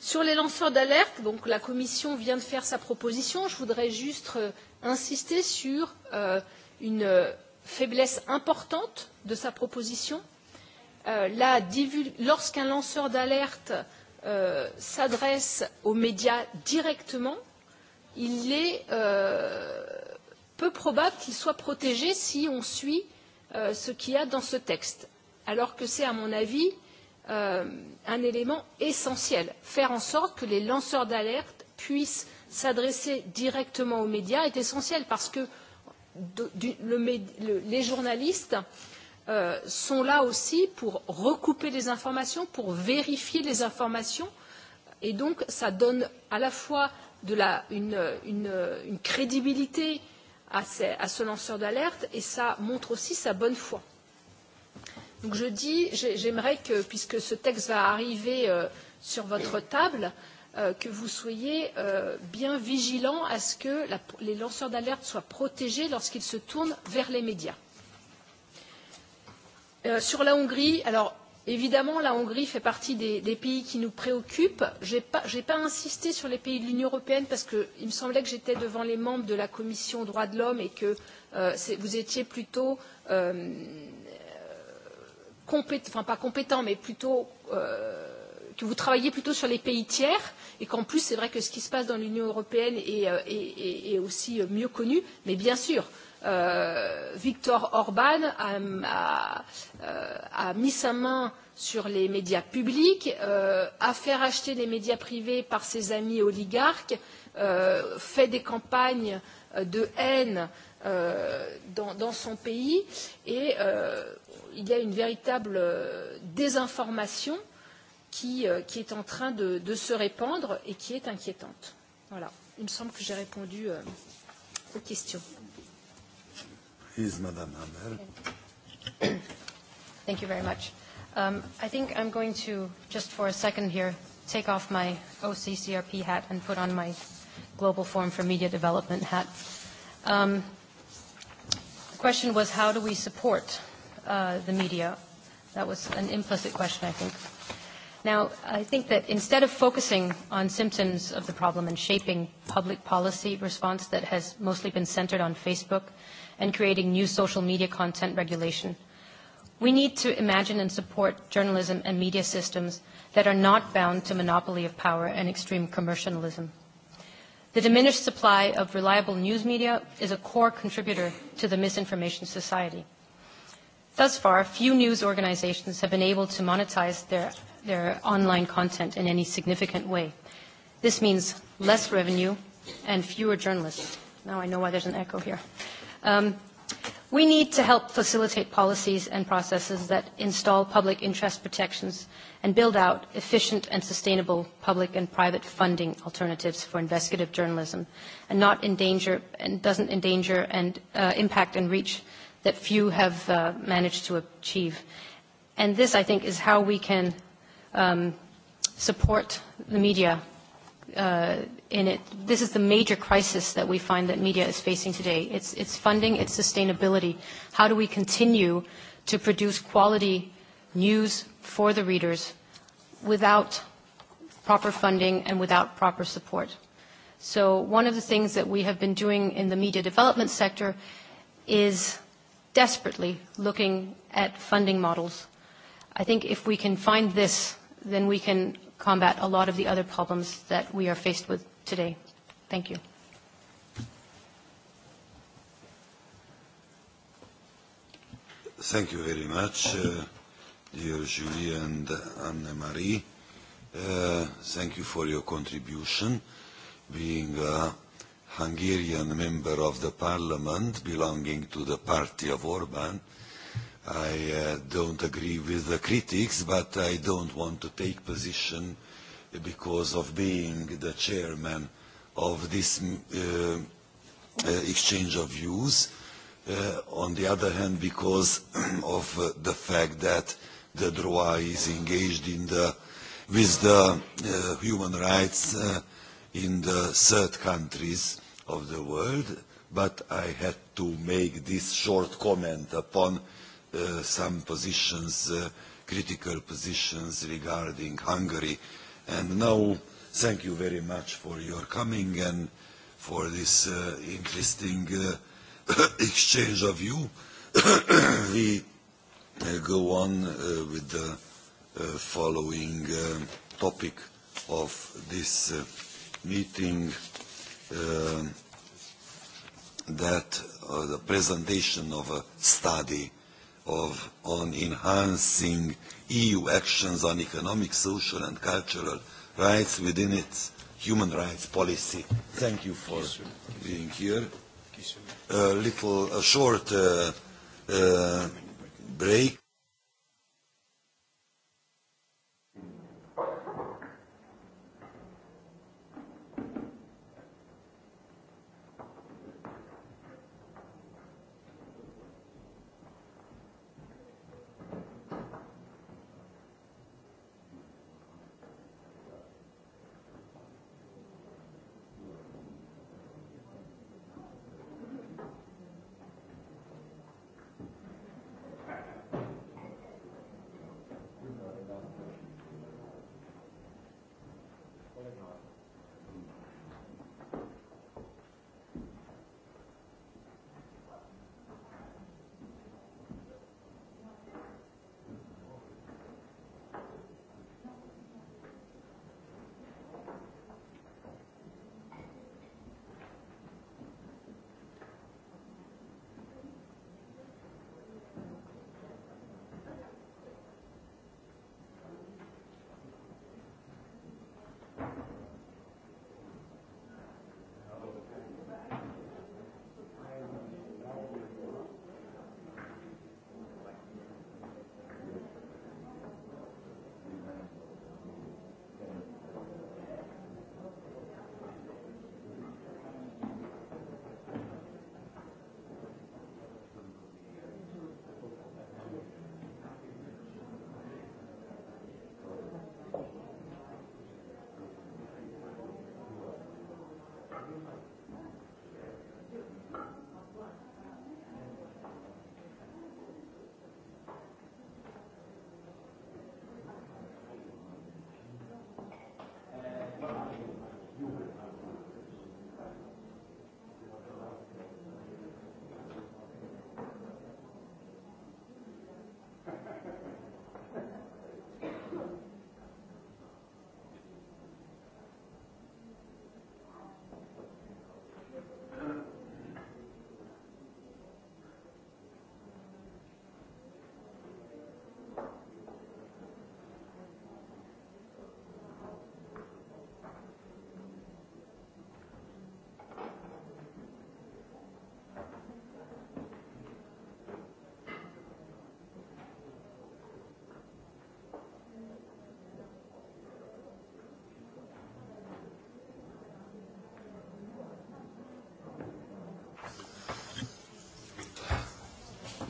Sur les lanceurs d'alerte, la Commission vient de faire sa proposition. Je voudrais juste insister sur une faiblesse importante de sa proposition. Lorsqu'un lanceur d'alerte s'adresse aux médias directement, il est peu probable qu'il soit protégé si on suit ce qu'il y a dans ce texte, alors que c'est, à mon avis, un élément essentiel faire en sorte que les lanceurs d'alerte puissent s'adresser directement aux médias est essentiel parce que les journalistes sont là aussi pour recouper les informations, pour vérifier les informations, et donc ça donne à la fois de la, une, une, une crédibilité à, ces, à ce lanceur d'alerte et ça montre aussi sa bonne foi. Donc je dis, j'aimerais que, puisque ce texte va arriver sur votre table, que vous soyez bien vigilants à ce que la, les lanceurs d'alerte soient protégés lorsqu'ils se tournent vers les médias. Euh, sur la Hongrie, alors Évidemment, la Hongrie fait partie des, des pays qui nous préoccupent. Je n'ai pas, pas insisté sur les pays de l'Union européenne parce qu'il me semblait que j'étais devant les membres de la Commission des droits de l'homme et que euh, vous étiez plutôt, euh, enfin pas compétent, mais plutôt euh, que vous travaillez plutôt sur les pays tiers et qu'en plus, c'est vrai que ce qui se passe dans l'Union européenne est, est, est, est aussi mieux connu, mais bien sûr, euh, Victor Orban a, a, a mis sa main sur les médias publics, euh, a fait racheter les médias privés par ses amis oligarques, euh, fait des campagnes de haine euh, dans, dans son pays et euh, il y a une véritable désinformation qui, euh, qui est en train de, de se répandre et qui est inquiétante. Voilà, il me semble que j'ai répondu euh, aux questions. Please, Madame Hamel. Thank you very much. Um, I think I'm going to, just for a second here, take off my OCCRP hat and put on my Global Forum for Media Development hat. Um, the question was, how do we support uh, the media? That was an implicit question, I think. Now, I think that instead of focusing on symptoms of the problem and shaping public policy response that has mostly been centered on Facebook and creating new social media content regulation, we need to imagine and support journalism and media systems that are not bound to monopoly of power and extreme commercialism. The diminished supply of reliable news media is a core contributor to the misinformation society. Thus far, few news organizations have been able to monetize their their online content in any significant way. This means less revenue and fewer journalists. Now I know why there's an echo here. Um, we need to help facilitate policies and processes that install public interest protections and build out efficient and sustainable public and private funding alternatives for investigative journalism and not endanger and doesn't endanger and uh, impact and reach that few have uh, managed to achieve. And this, I think, is how we can um, support the media uh, in it. This is the major crisis that we find that media is facing today. It's, it's funding, it's sustainability. How do we continue to produce quality news for the readers without proper funding and without proper support? So one of the things that we have been doing in the media development sector is desperately looking at funding models I think if we can find this, then we can combat a lot of the other problems that we are faced with today. Thank you. Thank you very much, uh, dear Julie and Anne-Marie. Uh, thank you for your contribution. Being a Hungarian member of the parliament belonging to the party of Orban, uh, I uh, don't agree with the critics, but I don't want to take position because of being the chairman of this uh, exchange of views. Uh, on the other hand, because of uh, the fact that the DROA is engaged in the, with the uh, human rights uh, in the third countries of the world, but I had to make this short comment upon uh, some positions, uh, critical positions regarding Hungary. And now, thank you very much for your coming and for this uh, interesting uh, exchange of view. we uh, go on uh, with the uh, following uh, topic of this uh, meeting uh, that uh, the presentation of a study of, on enhancing EU actions on economic, social and cultural rights within its human rights policy. Thank you for being here. A little, a short uh, uh, break.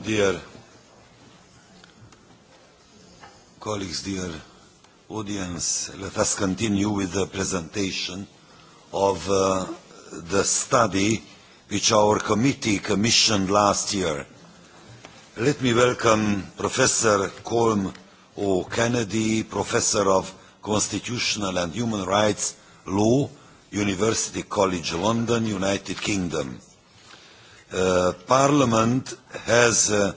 Dear colleagues, dear audience, let us continue with the presentation of uh, the study which our committee commissioned last year. Let me welcome Professor Colm O. Kennedy, Professor of Constitutional and Human Rights Law, University College London, United Kingdom. Uh, Parliament has uh,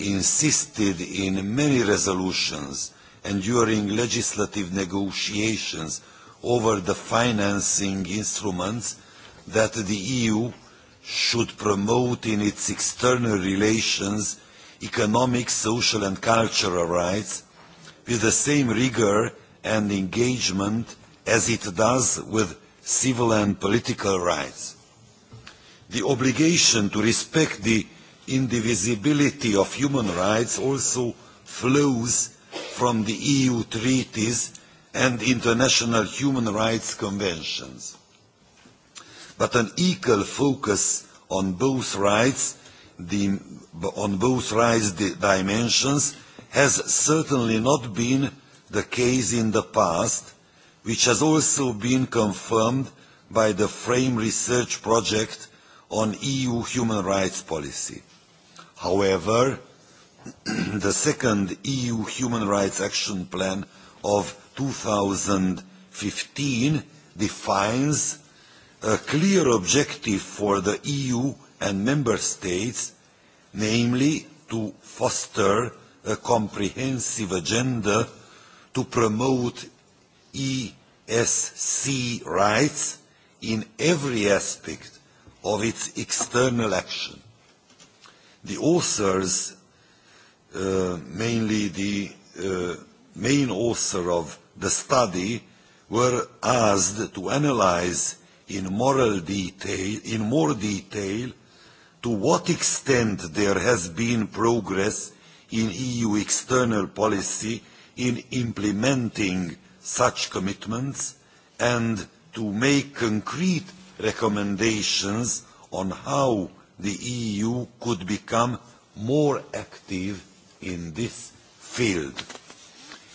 insisted in many resolutions and during legislative negotiations over the financing instruments that the EU should promote in its external relations economic, social and cultural rights with the same rigour and engagement as it does with civil and political rights. The obligation to respect the indivisibility of human rights also flows from the EU treaties and international human rights conventions. But an equal focus on both rights, the, on both rights dimensions, has certainly not been the case in the past, which has also been confirmed by the FRAME research project on EU human rights policy. However, the second EU Human Rights Action Plan of 2015 defines a clear objective for the EU and Member States, namely to foster a comprehensive agenda to promote ESC rights in every aspect of its external action the authors, uh, mainly the uh, main author of the study, were asked to analyze in, moral detail, in more detail to what extent there has been progress in EU external policy in implementing such commitments and to make concrete recommendations on how the EU could become more active in this field.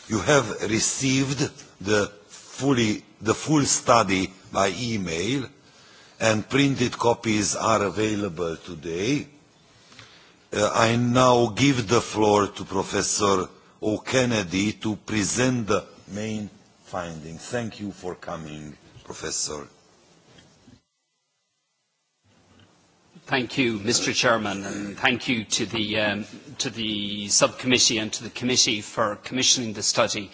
You have received the, fully, the full study by email and printed copies are available today. Uh, I now give the floor to Professor O'Kennedy to present the main findings. Thank you for coming, Professor. Thank you, Mr. Chairman, and thank you to the, um, to the subcommittee and to the committee for commissioning the study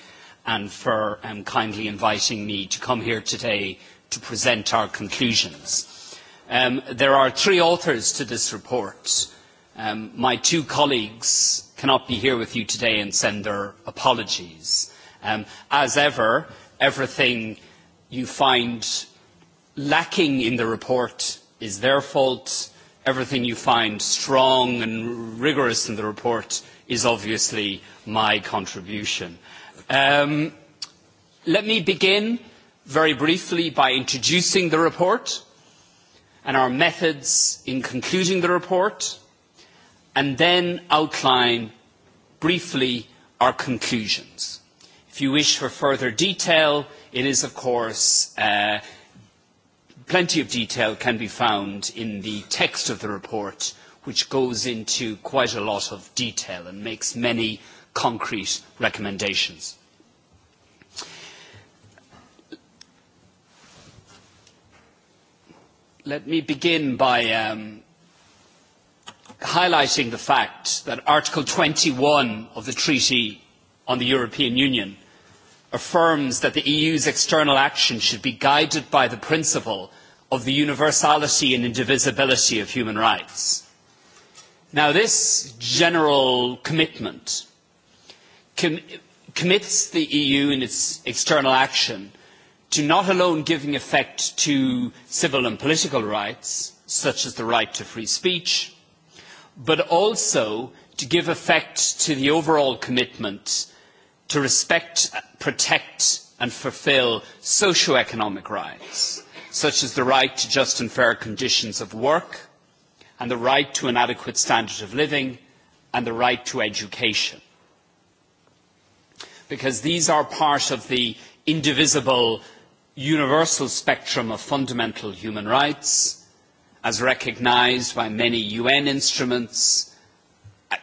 and for um, kindly inviting me to come here today to present our conclusions. Um, there are three authors to this report. Um, my two colleagues cannot be here with you today and send their apologies. Um, as ever, everything you find lacking in the report is their fault everything you find strong and rigorous in the report is obviously my contribution. Um, let me begin very briefly by introducing the report and our methods in concluding the report, and then outline briefly our conclusions. If you wish for further detail, it is, of course, uh, plenty of detail can be found in the text of the report, which goes into quite a lot of detail and makes many concrete recommendations. Let me begin by um, highlighting the fact that Article 21 of the Treaty on the European Union – affirms that the EU's external action should be guided by the principle of the universality and indivisibility of human rights. Now, this general commitment commits the EU in its external action to not alone giving effect to civil and political rights, such as the right to free speech, but also to give effect to the overall commitment to respect, protect and fulfil socio-economic rights, such as the right to just and fair conditions of work and the right to an adequate standard of living and the right to education. Because these are part of the indivisible universal spectrum of fundamental human rights as recognised by many UN instruments,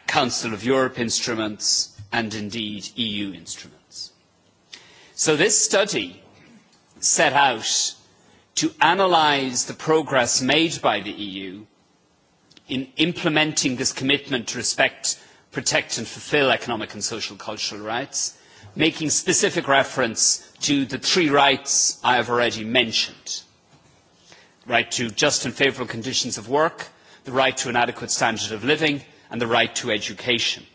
Council of Europe instruments, and indeed EU instruments. So this study set out to analyse the progress made by the EU in implementing this commitment to respect, protect and fulfil economic and social cultural rights, making specific reference to the three rights I have already mentioned. The right to just and favourable conditions of work, the right to an adequate standard of living and the right to education.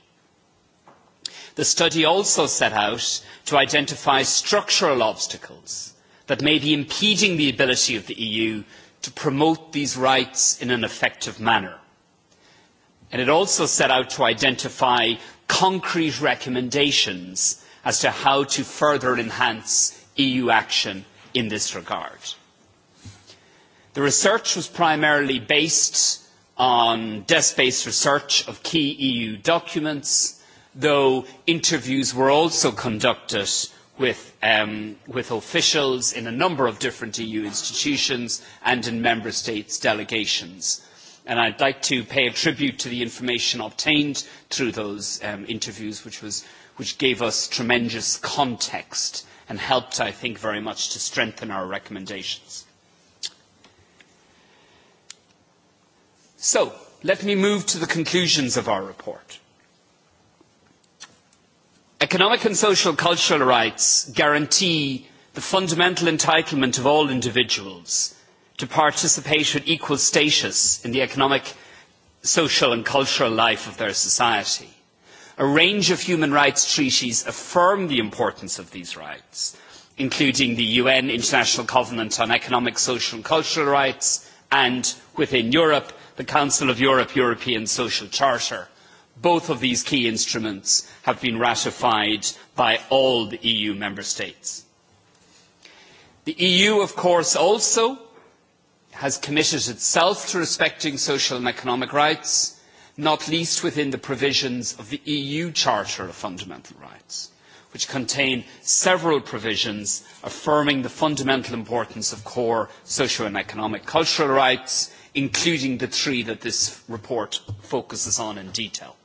The study also set out to identify structural obstacles that may be impeding the ability of the EU to promote these rights in an effective manner. And it also set out to identify concrete recommendations as to how to further enhance EU action in this regard. The research was primarily based on desk-based research of key EU documents though interviews were also conducted with, officials in a number of different EU institutions and in member states' delegations. And I'd like to pay a tribute to the information obtained through those interviews, which, gave us tremendous context and helped, I think, very much to strengthen our recommendations. So, let me move to the conclusions of our report Economic and social cultural rights guarantee the fundamental entitlement of all individuals to participate with equal status in the economic, social and cultural life of their society. A range of human rights treaties affirm the importance of these rights, including the UN International Covenant on Economic, Social and Cultural Rights and, within Europe, the Council of Europe European Social Charter Both of these key instruments have been ratified by all the EU member states. The EU, of course, also has committed itself to respecting social and economic rights, not least within the provisions of the EU Charter of Fundamental Rights, which contain several provisions affirming the fundamental importance of core social and economic cultural rights, including the three that this report focuses on in detail.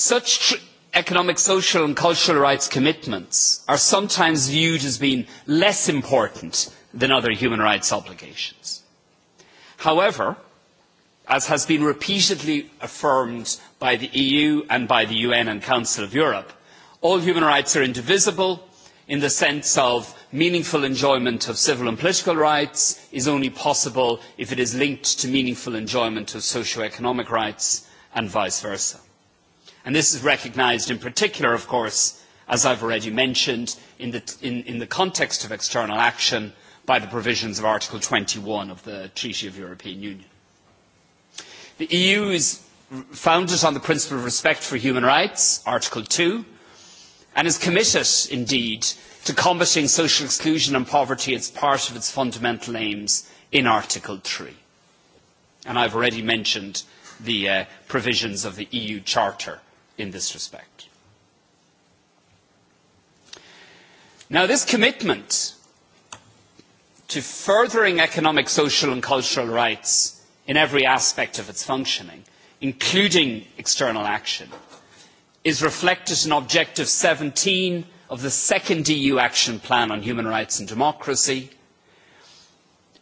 Such economic, social and cultural rights commitments are sometimes viewed as being less important than other human rights obligations. However, as has been repeatedly affirmed by the EU and by the UN and Council of Europe, all human rights are indivisible in the sense of meaningful enjoyment of civil and political rights is only possible if it is linked to meaningful enjoyment of socio-economic rights and vice versa. And this is recognised in particular, of course, as I have already mentioned, in the, context of external action by the provisions of Article twenty one of the Treaty of European Union. The EU is founded on the principle of respect for human rights, Article two, and is committed, indeed, to combating social exclusion and poverty as part of its fundamental aims in Article three. And I have already mentioned the provisions of the EU Charter in this respect. Now, this commitment to furthering economic, social and cultural rights in every aspect of its functioning, including external action, is reflected in Objective 17 of the second EU Action Plan on Human Rights and Democracy,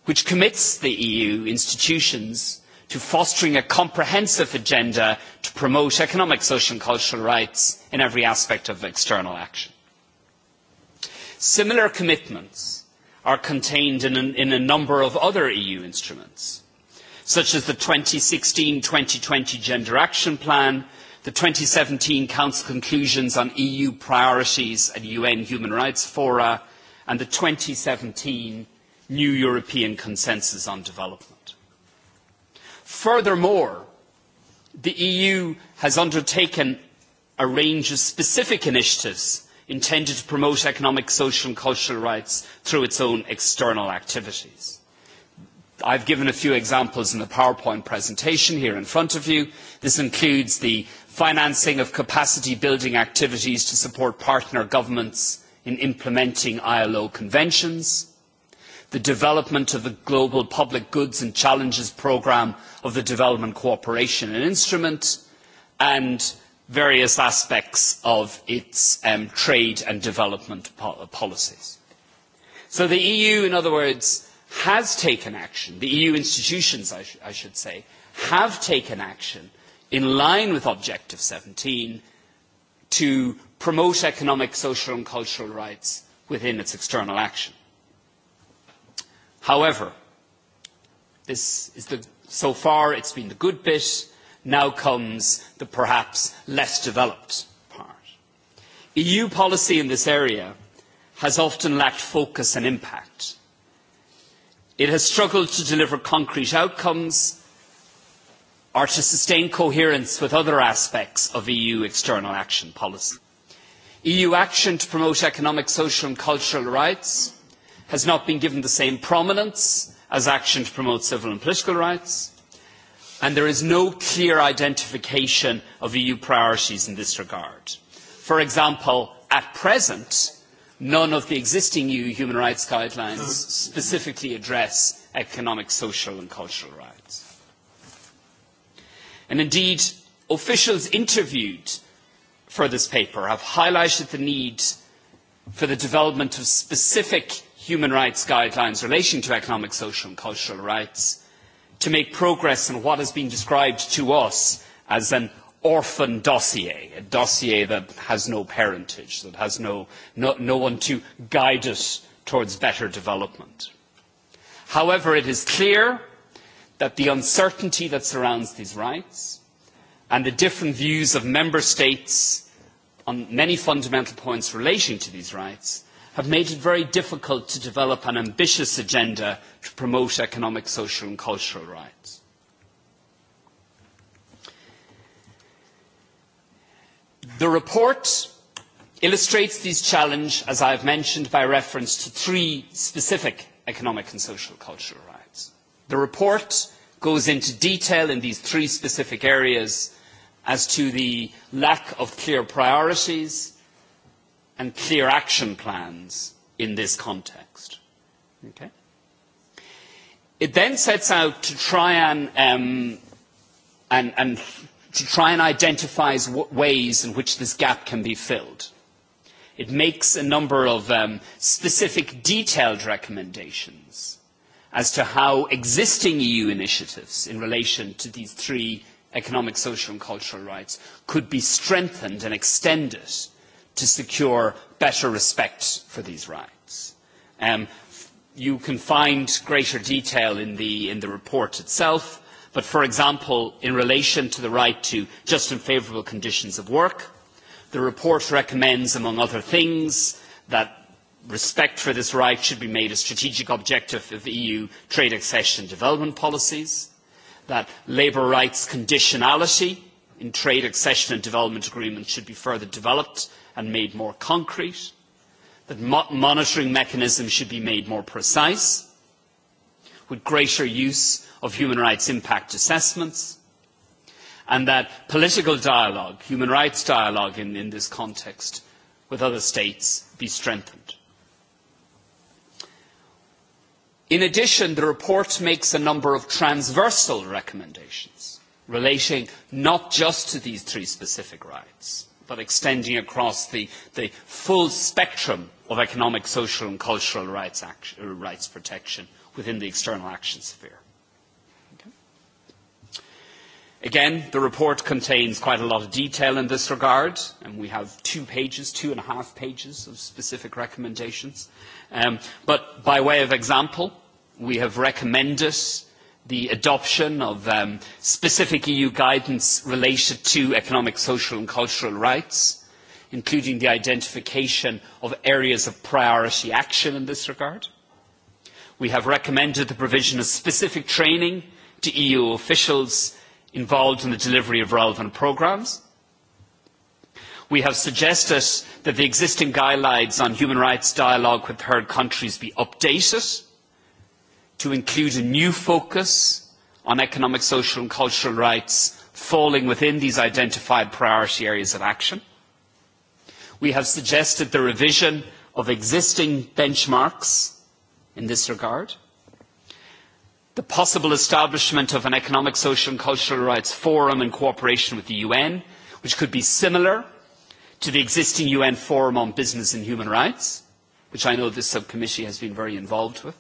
which commits the EU institutions to fostering a comprehensive agenda to promote economic, social and cultural rights in every aspect of external action. Similar commitments are contained in a, number of other EU instruments, such as the 2016-2020 Gender Action Plan, the 2017 Council conclusions on EU priorities and UN human rights fora, and the seventeen New European Consensus on Development. Furthermore, the EU has undertaken a range of specific initiatives intended to promote economic, social and cultural rights through its own external activities. I have given a few examples in the PowerPoint presentation here in front of you. This includes the financing of capacity building activities to support partner governments in implementing ILO conventions, the development of the Global Public Goods and Challenges Programme of the Development Cooperation and Instrument, and various aspects of its trade and development policies. So the EU, in other words, has taken action. The EU institutions, I, sh- I should say, have taken action in line with Objective 17 to promote economic, social and cultural rights within its external action. However, this is the, so far it's been the good bit, now comes the perhaps less developed part. EU policy in this area has often lacked focus and impact. It has struggled to deliver concrete outcomes or to sustain coherence with other aspects of EU external action policy. EU action to promote economic, social and cultural rights has not been given the same prominence as action to promote civil and political rights, and there is no clear identification of EU priorities in this regard. For example, at present, none of the existing EU human rights guidelines specifically address economic, social and cultural rights. And indeed, officials interviewed for this paper have highlighted the need for the development of specific human rights guidelines relation to economic, social and cultural rights to make progress on what has been described to us as an orphan dossier, a dossier that has no parentage, that has no, no, one to guide us towards better development. However, it is clear that the uncertainty that surrounds these rights and the different views of member states on many fundamental points relating to these rights have made it very difficult to develop an ambitious agenda to promote economic, social and cultural rights. The report illustrates these challenges, as I have mentioned, by reference to three specific economic and social cultural rights. The report goes into detail in these three specific areas as to the lack of clear priorities, and clear action plans in this context. Okay? It then sets out to try and, um, and, and to try and identify ways in which this gap can be filled. It makes a number of um, specific detailed recommendations as to how existing EU initiatives in relation to these three economic, social and cultural rights could be strengthened and extended to secure better respect for these rights. you can find greater detail in the, in the report itself, but for example, in relation to the right to just and favourable conditions of work, the report recommends, among other things, that respect for this right should be made a strategic objective of EU trade accession development policies, that labour rights conditionality in trade accession and development agreements should be further developed and made more concrete, that monitoring mechanisms should be made more precise, with greater use of human rights impact assessments, and that political dialogue, human rights dialogue in, in this context with other states be strengthened. In addition, the report makes a number of transversal recommendations relating not just to these three specific rights, but extending across the, the full spectrum of economic, social and cultural rights, action, rights protection within the external action sphere. Again, the report contains quite a lot of detail in this regard, and we have two pages, two and a half pages of specific recommendations. Um, but by way of example, we have recommended the adoption of specific EU guidance related to economic, social and cultural rights, including the identification of areas of priority action in this regard. We have recommended the provision of specific training to EU officials involved in the delivery of relevant programmes. We have suggested that the existing guidelines on human rights dialogue with third countries be updated to include a new focus on economic, social and cultural rights falling within these identified priority areas of action. We have suggested the revision of existing benchmarks in this regard, the possible establishment of an economic, social and cultural rights forum in cooperation with the UN, which could be similar to the existing UN forum on business and human rights, which I know this subcommittee has been very involved with,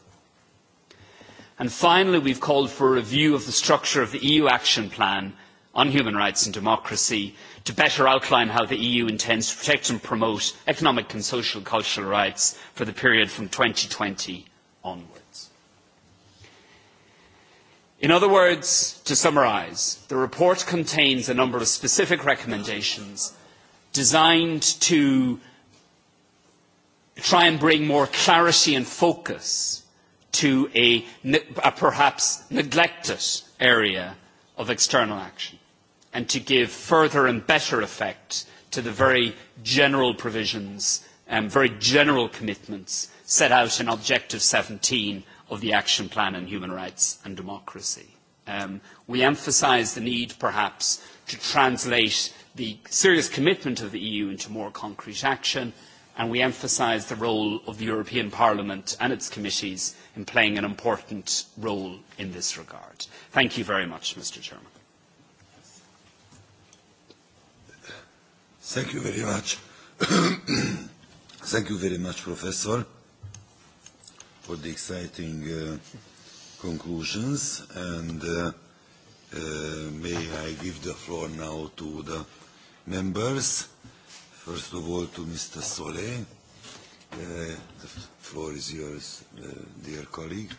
And finally, we have called for a review of the structure of the EU Action Plan on Human Rights and Democracy to better outline how the EU intends to protect and promote economic and social and cultural rights for the period from twenty onwards. In other words, to summarise, the report contains a number of specific recommendations designed to try and bring more clarity and focus to a, a perhaps neglected area of external action and to give further and better effect to the very general provisions and very general commitments set out in Objective 17 of the Action Plan on Human Rights and Democracy. we emphasise the need, perhaps, to translate the serious commitment of the EU into more concrete action, and we emphasise the role of the European Parliament and its committees in playing an important role in this regard. Thank you very much, Mr. Chairman. Thank you very much. Thank you very much, Professor, for the exciting uh, conclusions. And uh, uh, may I give the floor now to the members. First of all, to Mr. Soleil the floor is yours, dear colleague.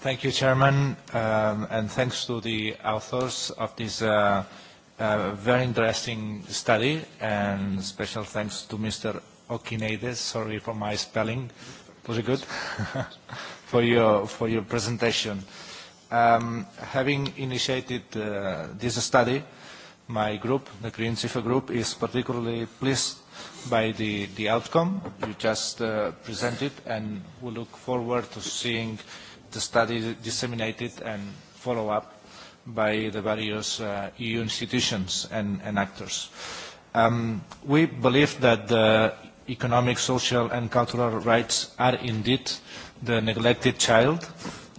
Thank you, Chairman, um, and thanks to the authors of this uh, uh, very interesting study, and special thanks to Mr. Okinides, sorry for my spelling, was it good? for, your, for your presentation. Um, having initiated uh, this study, my group, the Green Cipher Group, is particularly pleased by the, the outcome you just uh, presented, and we look forward to seeing the study disseminated and follow up by the various uh, EU institutions and, and actors. Um, we believe that the economic, social and cultural rights are indeed the neglected child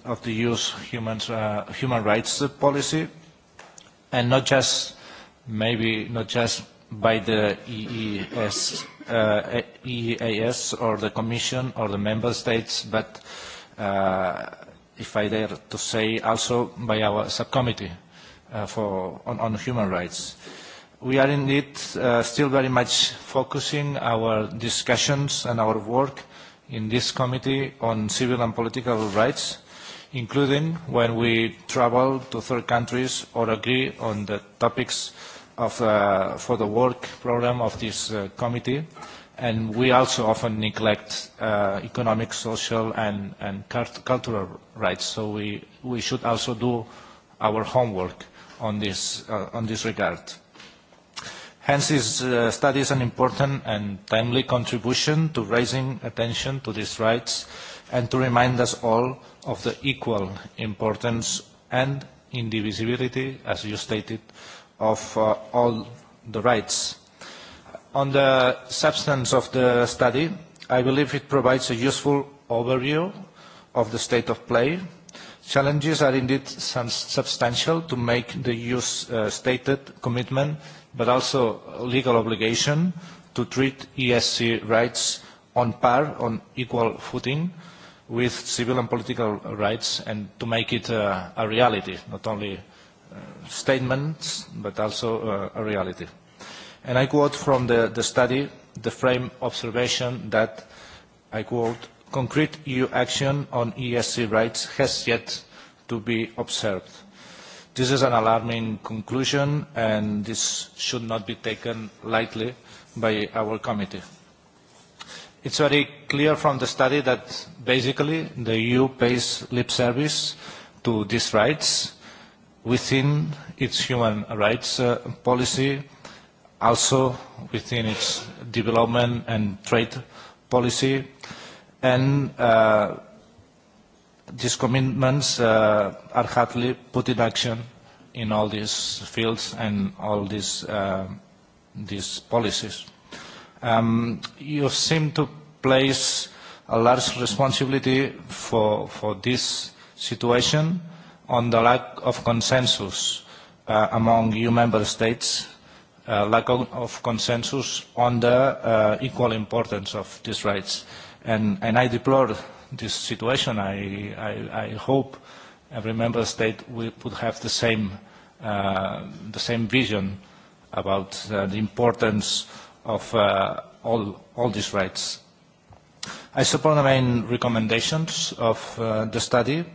of the EU's human, uh, human rights policy, and not just, maybe not just by the EES, uh, EEAS or the Commission or the Member States, but uh, if I dare to say also by our subcommittee uh, for, on, on human rights. We are indeed uh, still very much focusing our discussions and our work in this committee on civil and political rights, including when we travel to third countries or agree on the topics of, uh, for the work program of this uh, committee, and we also often neglect uh, economic, social, and, and cultural rights. So we, we should also do our homework on this, uh, on this regard. Hence, this uh, study is an important and timely contribution to raising attention to these rights and to remind us all of the equal importance and indivisibility, as you stated, uh, of uh, all the rights. On the substance of the study, I believe it provides a useful overview of the state of play. Challenges are indeed substantial to make the EU's uh, stated commitment, but also legal obligation to treat ESC rights on par, on equal footing, with civil and political rights, and to make it uh, a reality, not only statement, but also a reality. And I quote from the, the study the frame observation that, I quote, concrete EU action on ESC rights has yet to be observed. This is an alarming conclusion, and this should not be taken lightly by our committee. It's very clear from the study that basically the EU pays lip service to these rights, within its human rights uh, policy, also within its development and trade policy. And uh, these commitments uh, are hardly put in action in all these fields and all these, uh, these policies. Um, you seem to place a large responsibility for, for this situation on the lack of consensus uh, among EU member states, uh, lack of, of consensus on the uh, equal importance of these rights. And, and I deplore this situation. I, I, I hope every member state will, would have the same, uh, the same vision about uh, the importance of uh, all, all these rights. I support the main recommendations of uh, the study,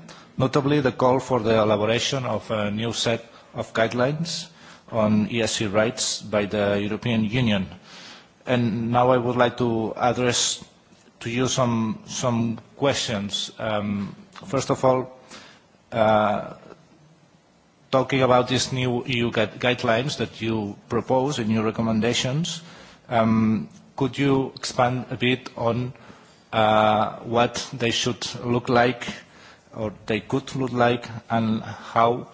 notably the call for the elaboration of a new set of guidelines on ESC rights by the European Union. And now I would like to address to you some, some questions. Um, first of all, uh, talking about these new EU guidelines that you propose in your recommendations, um, could you expand a bit on uh, what they should look like or they could look like, and how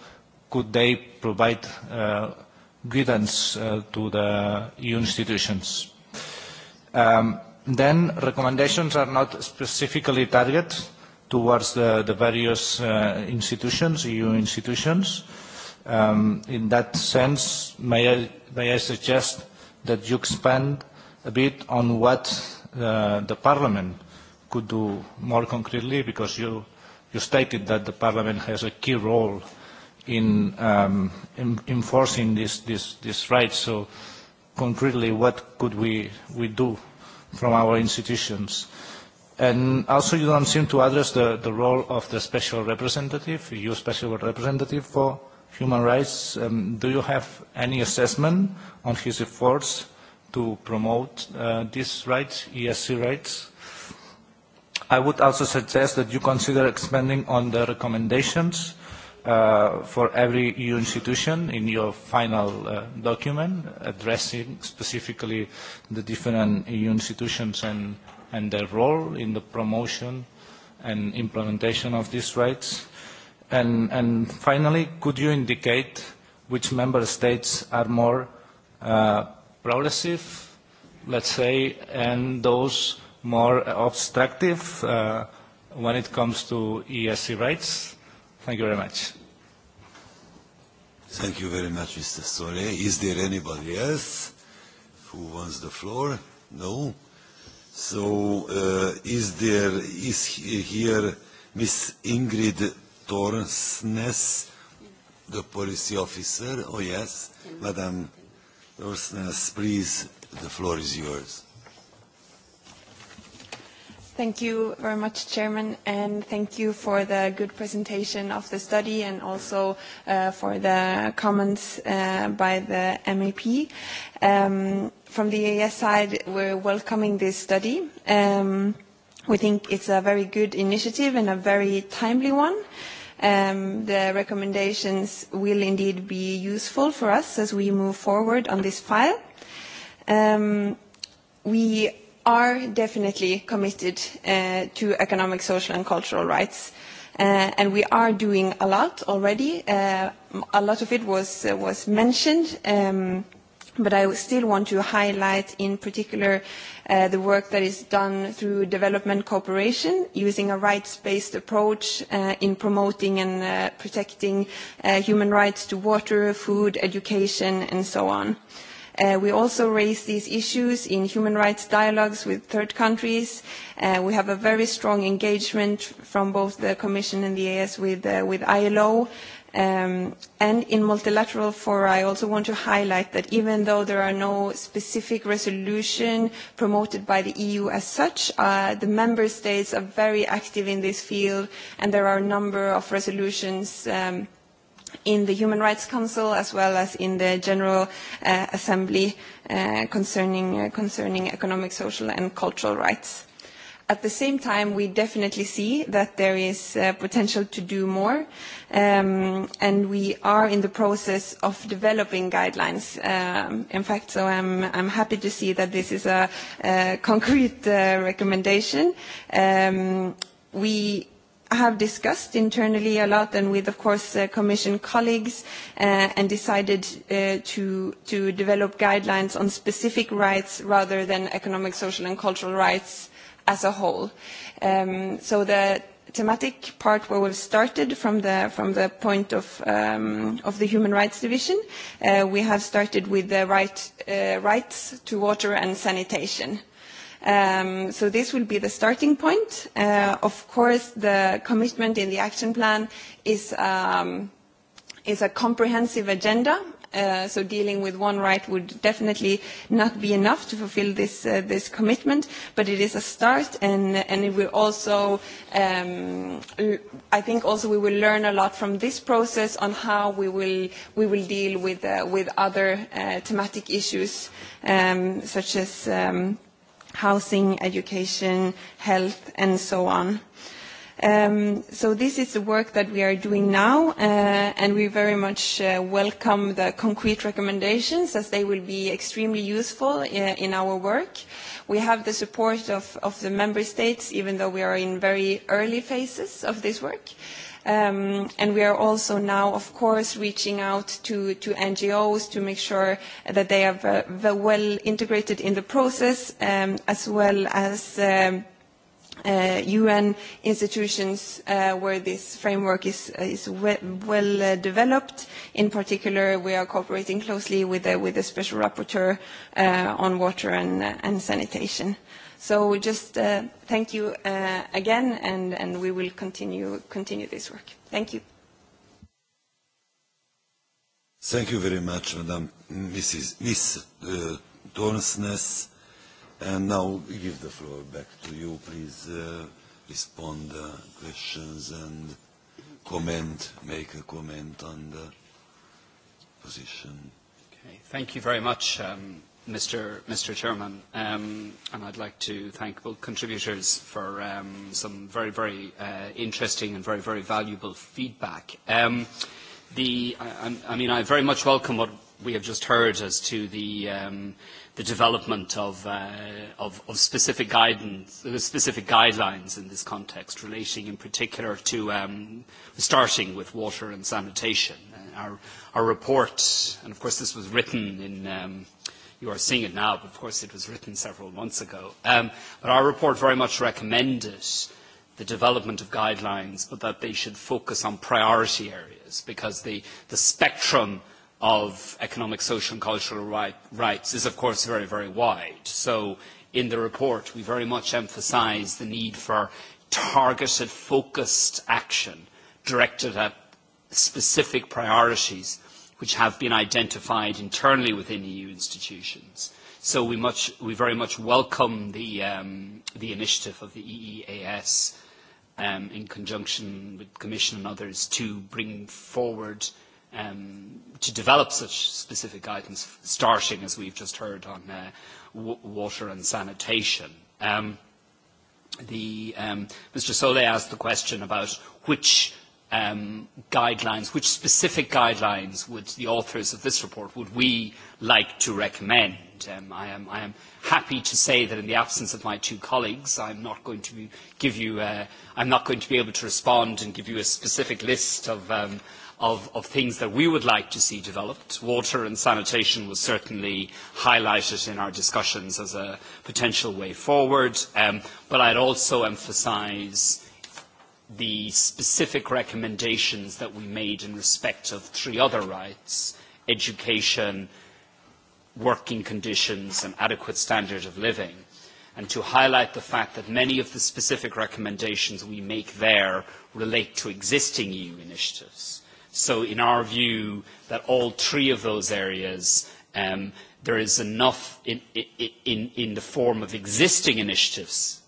could they provide uh, guidance uh, to the EU institutions. Um, then recommendations are not specifically targeted towards the, the various uh, institutions, EU institutions. Um, in that sense, may I, may I suggest that you expand a bit on what uh, the Parliament could do more concretely, because you You stated that the Parliament has a key role in, um, in enforcing this, this, this right. So concretely, what could we, we do from our institutions? And also you don't seem to address the, the role of the special representative, your special representative for human rights. Um, do you have any assessment on his efforts to promote uh, these rights, ESC rights? I would also suggest that you consider expanding on the recommendations uh, for every EU institution in your final uh, document, addressing specifically the different EU institutions and, and their role in the promotion and implementation of these rights. And, and finally, could you indicate which member states are more uh, progressive, let's say, and those more obstructive uh, when it comes to ESC rights. Thank you very much. Thank you very much, Mr. Sole. Is there anybody else who wants the floor? No. So uh, is there is here Miss Ingrid Torsnes, the policy officer? Oh yes, Madam Torsnes, please, the floor is yours. Thank you very much, Chairman, and thank you for the good presentation of the study and also uh, for the comments uh, by the MEP. Um, from the EAS side, we're welcoming this study. Um, we think it's a very good initiative and a very timely one. Um, the recommendations will indeed be useful for us as we move forward on this file. Um, we are definitely committed uh, to economic, social and cultural rights. Uh, and we are doing a lot already. Uh, a lot of it was, uh, was mentioned. Um, but I still want to highlight in particular uh, the work that is done through development cooperation, using a rights-based approach uh, in promoting and uh, protecting uh, human rights to water, food, education, and so on. Uh, Uh, we also raise these issues in human rights dialogues with third countries. Uh, we have a very strong engagement from both the Commission and the AS with, uh, with ILO. Um, and in multilateral fora, I also want to highlight that even though there are no specific resolution promoted by the EU as such, uh, the member states are very active in this field, and there are a number of resolutions um, in the Human Rights Council as well as in the General uh, Assembly uh, concerning, uh, concerning economic, social and cultural rights. At the same time, we definitely see that there is uh, potential to do more, um, and we are in the process of developing guidelines. Um, in fact, so I'm, I'm happy to see that this is a, a concrete uh, recommendation. Um, we have discussed internally a lot and with, of course, uh, Commission colleagues uh, and decided uh, to, to develop guidelines on specific rights rather than economic, social and cultural rights as a whole. Um, so the thematic part where we've started from the, from the point of, um, of the Human Rights Division, uh, we have started with the right, uh, rights to water and sanitation Um, so this will be the starting point. Uh, of course, the commitment in the action plan is, um, is a comprehensive agenda so dealing with one right would definitely not be enough to fulfill this uh, this commitment, but it is a start, and and it will also, um, I think, also we will learn a lot from this process on how we will we will deal with uh, with other uh, thematic issues um, such as. Um, housing, education, health, and so on. Um, so this is the work that we are doing now, uh, and we very much uh, welcome the concrete recommendations as they will be extremely useful uh, in our work. We have the support of, of the member states, even though we are in very early phases of this work. Um, and we are also now, of course, reaching out to, to NGOs to make sure that they are very well integrated in the process, um, as well as um, uh, UN institutions uh, where this framework is, is we well uh, developed. In particular, we are cooperating closely with the, with the Special Rapporteur uh, on water and, uh, and sanitation. So just uh, thank you uh, again, and, and we will continue, continue this work. Thank you. Thank you very much, Madam Mrs. Miss uh, Dornsness. And now we give the floor back to you. Please uh, respond uh, questions and comment, make a comment on the position. Okay. Thank you very much, um, Mr. Mr. Chairman, um, and I'd like to thank both contributors for um, some very, very uh, interesting and very, very valuable feedback. Um, the, I, I mean, I very much welcome what we have just heard as to the, um, the development of, uh, of, of specific guidance, specific guidelines in this context, relating in particular to um, starting with water and sanitation. Our, our report, and of course this was written in um, – You are seeing it now, but of course it was written several months ago. Um, but our report very much recommended the development of guidelines, but that they should focus on priority areas because the, the spectrum of economic, social and cultural right, rights is of course very, very wide. So in the report we very much emphasise the need for targeted, focused action directed at specific priorities which have been identified internally within EU institutions. So we, much, we very much welcome the, um, the initiative of the EEAS um, in conjunction with the Commission and others to bring forward um, to develop such specific items, starting, as we've just heard, on uh, w- water and sanitation. Um, the, um, Mr. Soleil asked the question about which um, guidelines, which specific guidelines would the authors of this report, would we like to recommend? Um, I, am, I am happy to say that in the absence of my two colleagues, I'm not going to give you, uh, I'm not going to be able to respond and give you a specific list of, um, of, of things that we would like to see developed. Water and sanitation was certainly highlighted in our discussions as a potential way forward, um, but I'd also emphasise the specific recommendations that we made in respect of three other rights, education, working conditions and adequate standard of living, and to highlight the fact that many of the specific recommendations we make there relate to existing EU initiatives. So in our view, that all three of those areas, um, there is enough in, in, in the form of existing initiatives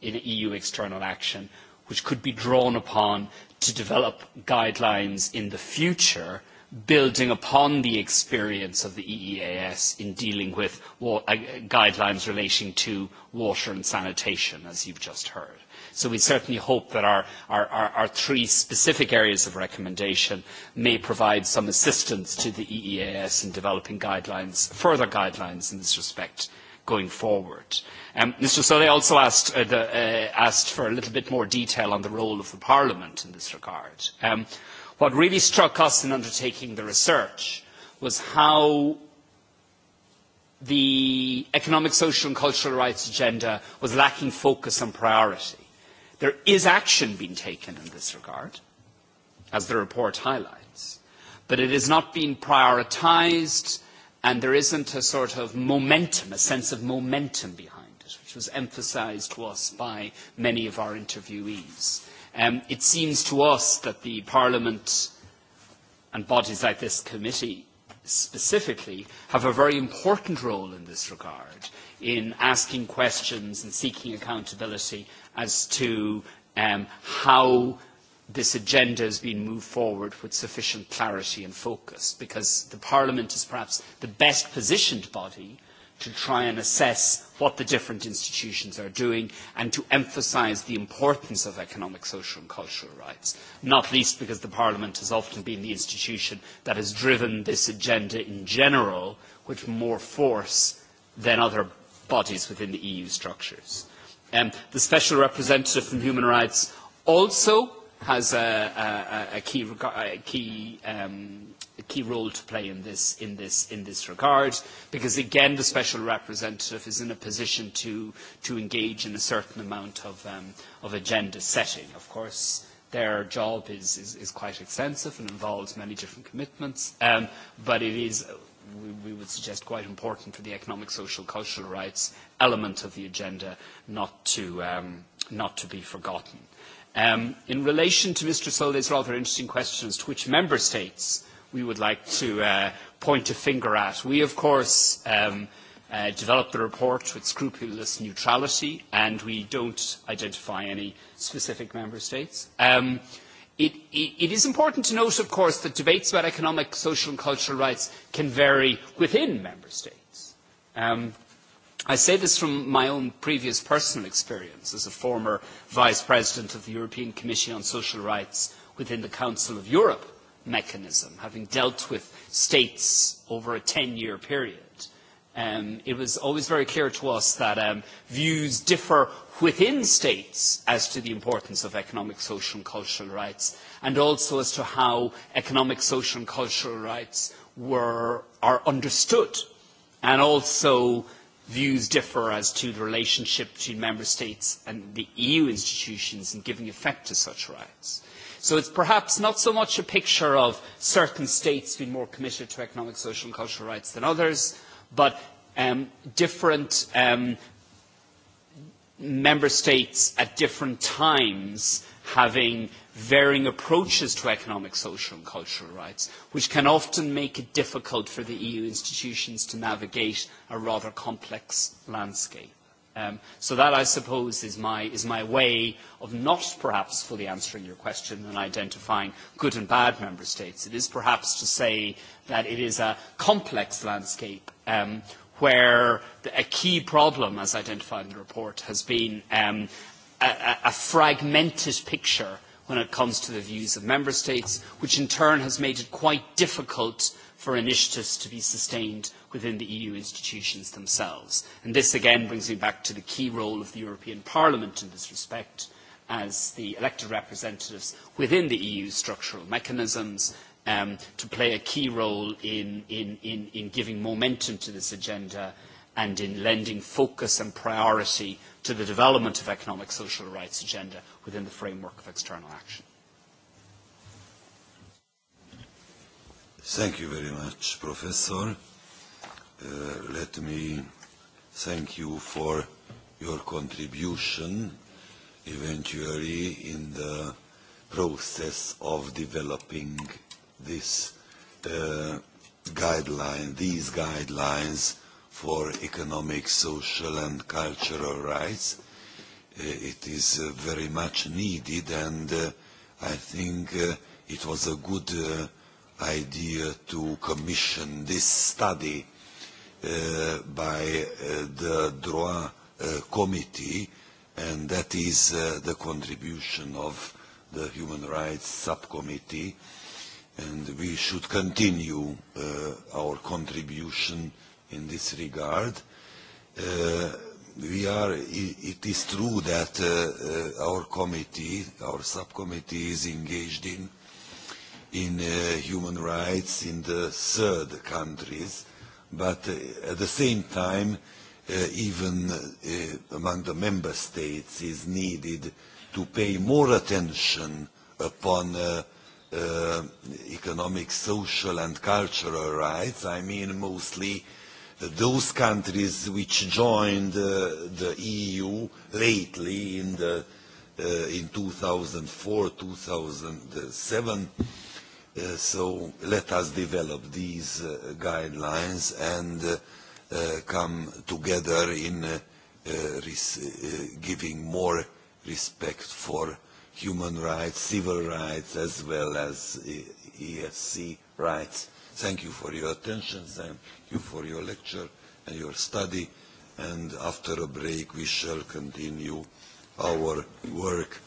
in EU external action which could be drawn upon to develop guidelines in the future building upon the experience of the EEAS in dealing with guidelines relating to water and sanitation, as you've just heard. So we certainly hope that our, our, our, our three specific areas of recommendation may provide some assistance to the EEAS in developing guidelines, further guidelines in this respect going forward. Um, Mr Solé also asked, uh, the, uh, asked for a little bit more detail on the role of the Parliament in this regard. Um, what really struck us in undertaking the research was how the economic, social and cultural rights agenda was lacking focus and priority. There is action being taken in this regard, as the report highlights, but it is not being prioritised and there isn't a sort of momentum, a sense of momentum behind it, which was emphasised to us by many of our interviewees. Um, it seems to us that the Parliament and bodies like this committee specifically have a very important role in this regard in asking questions and seeking accountability as to um, how this agenda has been moved forward with sufficient clarity and focus because the Parliament is perhaps the best positioned body to try and assess what the different institutions are doing and to emphasise the importance of economic, social and cultural rights, not least because the Parliament has often been the institution that has driven this agenda in general with more force than other bodies within the EU structures. the Special Representative for Human Rights also has a, a, a key, a key, um, a key role to play in this, in, this, in this regard, because again the special representative is in a position to, to engage in a certain amount of, um, of agenda setting. Of course, their job is, is, is quite extensive and involves many different commitments, um, but it is, we, we would suggest, quite important for the economic, social, cultural rights element of the agenda not to, um, not to be forgotten in relation to Mr. Solde's rather interesting question as to which member states we would like to point a finger at, we of course developed the report with scrupulous neutrality and we don't identify any specific member states. it is important to note, of course, that debates about economic, social and cultural rights can vary within member states. I say this from my own previous personal experience as a former Vice President of the European Commission on Social Rights within the Council of Europe mechanism, having dealt with states over a 10-year period. Um, it was always very clear to us that um, views differ within states as to the importance of economic, social and cultural rights, and also as to how economic, social and cultural rights were, are understood, and also views differ as to the relationship between member states and the EU institutions in giving effect to such rights. So it's perhaps not so much a picture of certain states being more committed to economic, social and cultural rights than others, but um, different um, member states at different times having varying approaches to economic, social and cultural rights, which can often make it difficult for the EU institutions to navigate a rather complex landscape. Um, so that, I suppose, is my, is my way of not perhaps fully answering your question and identifying good and bad member states. It is perhaps to say that it is a complex landscape um, where a key problem, as identified in the report, has been um, a, a fragmented picture when it comes to the views of member states, which in turn has made it quite difficult for initiatives to be sustained within the EU institutions themselves. And this again brings me back to the key role of the European Parliament in this respect as the elected representatives within the EU structural mechanisms to play a key role in, in, in, in giving momentum to this agenda and in lending focus and priority to the development of economic social rights agenda within the framework of external action. Thank you very much, Professor. Uh, let me thank you for your contribution eventually in the process of developing this uh, guideline, these guidelines for economic, social and cultural rights. it is very much needed and I think it was a good idea to commission this study by the DROA committee and that is the contribution of the Human Rights Subcommittee and we should continue our contribution uh, in this regard. We are It is true that our committee, our subcommittee is engaged in in human rights in the third countries, but at the same time, even among the member states is needed to pay more attention upon economic, social and cultural rights. I mean mostly uh, those countries which joined uh, the EU lately in the uh, in 2004 2007 uh, so let us develop these uh, guidelines and uh, uh, come together in uh, uh, res uh, giving more respect for human rights civil rights as well as ESC rights thank you for your attention, thank you for your lecture and your study, and after a break we shall continue our work.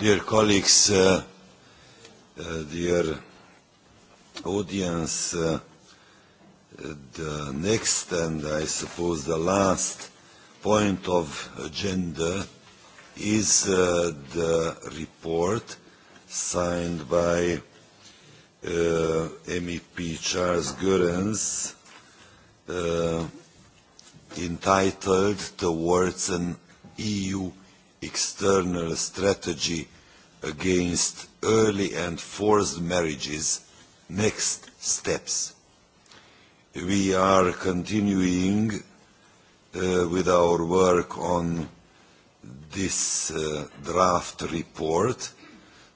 Dear colleagues, uh, uh, dear audience, uh, the next and I suppose the last point of agenda is uh, the report signed by uh, MEP Charles Gurens uh, entitled Towards an EU external strategy against early and forced marriages, next steps. We are continuing uh, with our work on this uh, draft report.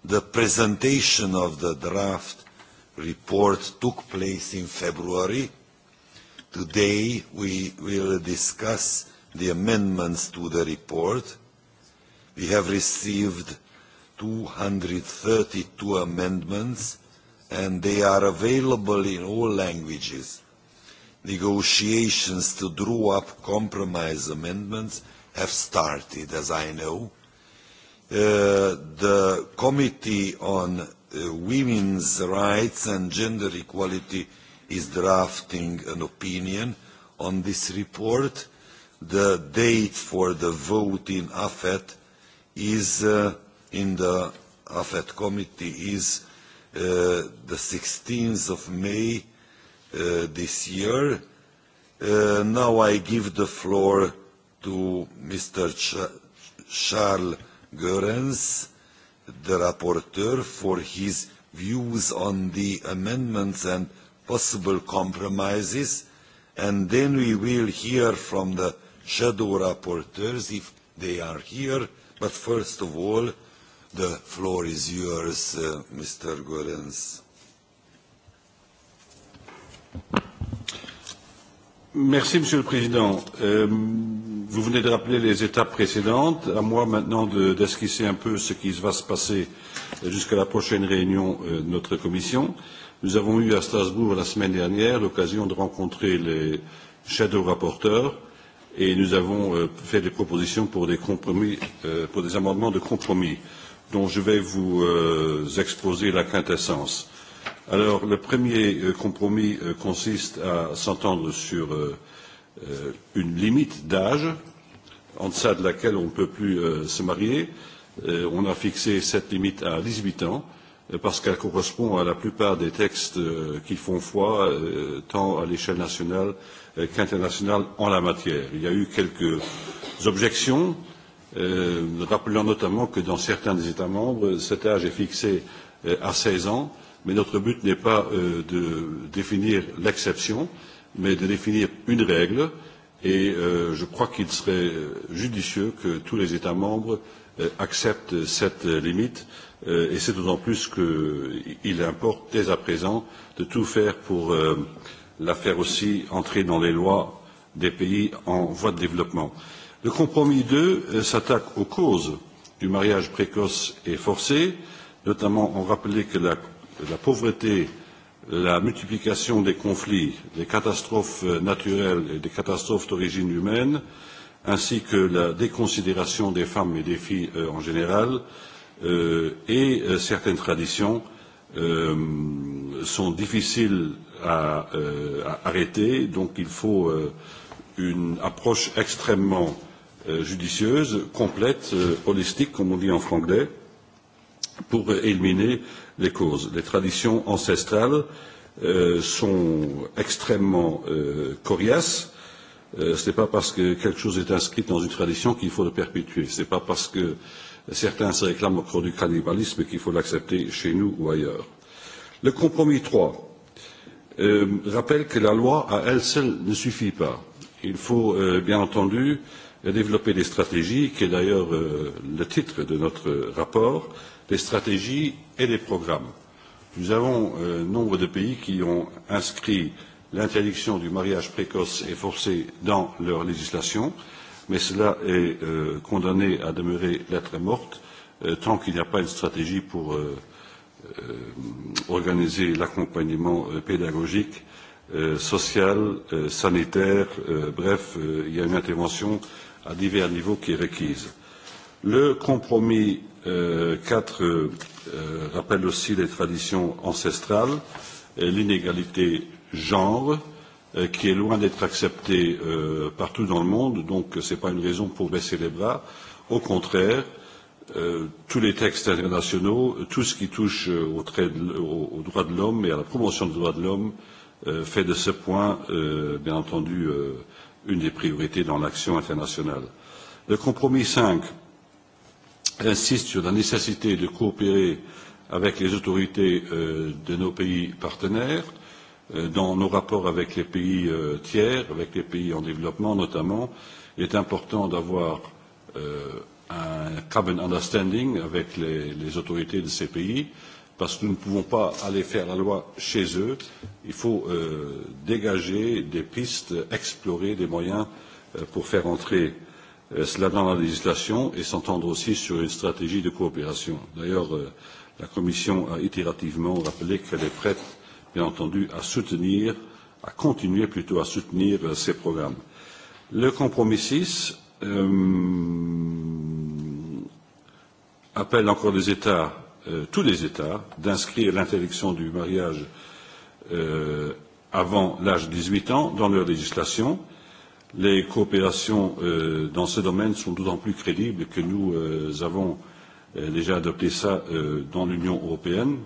The presentation of the draft report took place in February. Today we will discuss the amendments to the report We have received 232 amendments, and they are available in all languages. Negotiations to draw up compromise amendments have started, as I know. The Committee on Women's Rights and Gender Equality is drafting an opinion on this report. The date for the vote in AFET is uh, in the AFET committee is uh, the 16th of May uh, this year. Uh, now I give the floor to Mr. Ch Charles Goerens, the rapporteur, for his views on the amendments and possible compromises, and then we will hear from the shadow rapporteurs, if they are here, But first of all, the floor is yours, uh, Mr. Goerens. Merci, Monsieur le Président. Euh, vous venez de rappeler les étapes précédentes. À moi maintenant d'esquisser de, un peu ce qui va se passer jusqu'à la prochaine réunion de notre commission. Nous avons eu à Strasbourg la semaine dernière l'occasion de rencontrer les shadow rapporteurs euh, et nous avons fait des propositions pour des compromis, pour des amendements de compromis dont je vais vous exposer la quintessence. Alors, le premier compromis consiste à s'entendre sur une limite d'âge en deçà de laquelle on ne peut plus se marier. on a fixé cette limite à dix huit ans parce qu'elle correspond à la plupart des textes qui font foi, tant à l'échelle nationale qu'internationale, en la matière. Il y a eu quelques objections, rappelant notamment que dans certains des États membres, cet âge est fixé à seize ans, mais notre but n'est pas de définir l'exception, mais de définir une règle, et je crois qu'il serait judicieux que tous les États membres acceptent cette limite et c'est d'autant plus qu'il importe dès à présent de tout faire pour la faire aussi entrer dans les lois des pays en voie de développement. Le compromis 2 s'attaque aux causes du mariage précoce et forcé, notamment en rappelant que la, la pauvreté, la multiplication des conflits, des catastrophes naturelles et des catastrophes d'origine humaine, ainsi que la déconsidération des femmes et des filles en général, euh, et certaines traditions sont difficiles à, arrêter, donc il faut une approche extrêmement judicieuse, complète, holistique, comme on dit en franglais, pour éliminer les causes. Les traditions ancestrales sont extrêmement coriaces. ce n'est pas parce que quelque chose est inscrit dans une tradition qu'il faut le perpétuer. Ce n'est pas parce que Certains se réclament encore du cannibalisme qu'il faut l'accepter chez nous ou ailleurs. Le compromis 3 euh, rappelle que la loi à elle seule ne suffit pas. Il faut euh, bien entendu développer des stratégies, qui est d'ailleurs euh, le titre de notre rapport, des stratégies et des programmes. Nous avons euh, nombre de pays qui ont inscrit l'interdiction du mariage précoce et forcé dans leur législation mais cela est euh, condamné à demeurer lettre morte euh, tant qu'il n'y a pas une stratégie pour euh, euh, organiser l'accompagnement euh, pédagogique, euh, social, euh, sanitaire, euh, bref, euh, il y a une intervention à divers niveaux qui est requise. Le compromis euh, 4 euh, rappelle aussi les traditions ancestrales, l'inégalité genre, qui est loin d'être accepté partout dans le monde, donc ce n'est pas une raison pour baisser les bras. Au contraire, tous les textes internationaux, tout ce qui touche aux, aux droits de l'homme et à la promotion des droits de l'homme fait de ce point, bien entendu, une des priorités dans l'action internationale. Le compromis cinq insiste sur la nécessité de coopérer avec les autorités de nos pays partenaires dans nos rapports avec les pays tiers, avec les pays en développement notamment, il est important d'avoir un common understanding avec les, les autorités de ces pays, parce que nous ne pouvons pas aller faire la loi chez eux. Il faut euh, dégager des pistes, explorer des moyens euh, pour faire entrer euh, cela dans la législation et s'entendre aussi sur une stratégie de coopération. D'ailleurs, euh, la Commission a itérativement rappelé qu'elle est prête bien entendu, à soutenir, à continuer plutôt à soutenir ces programmes. Le compromis 6 appelle encore les États, tous les États, d'inscrire l'interdiction du mariage avant l'âge de 18 ans dans leur législation. Les coopérations dans ce domaine sont d'autant plus crédibles que nous avons déjà adopté cela dans l'Union européenne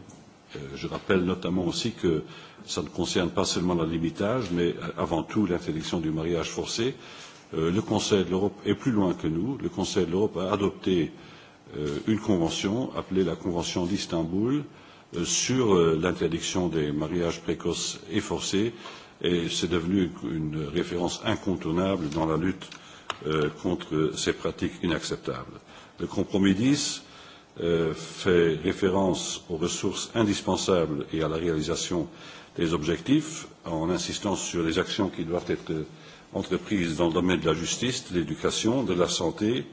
Je rappelle notamment aussi que cela ne concerne pas seulement la limitage, mais avant tout l'interdiction du mariage forcé. Le Conseil de l'Europe est plus loin que nous. Le Conseil de l'Europe a adopté une convention appelée la Convention d'Istanbul sur l'interdiction des mariages précoces et forcés et c'est devenu une référence incontournable dans la lutte contre ces pratiques inacceptables. Le compromis dix fait référence aux ressources indispensables et à la réalisation des objectifs, en insistant sur les actions qui doivent être entreprises dans le domaine de la justice, de l'éducation, de la santé.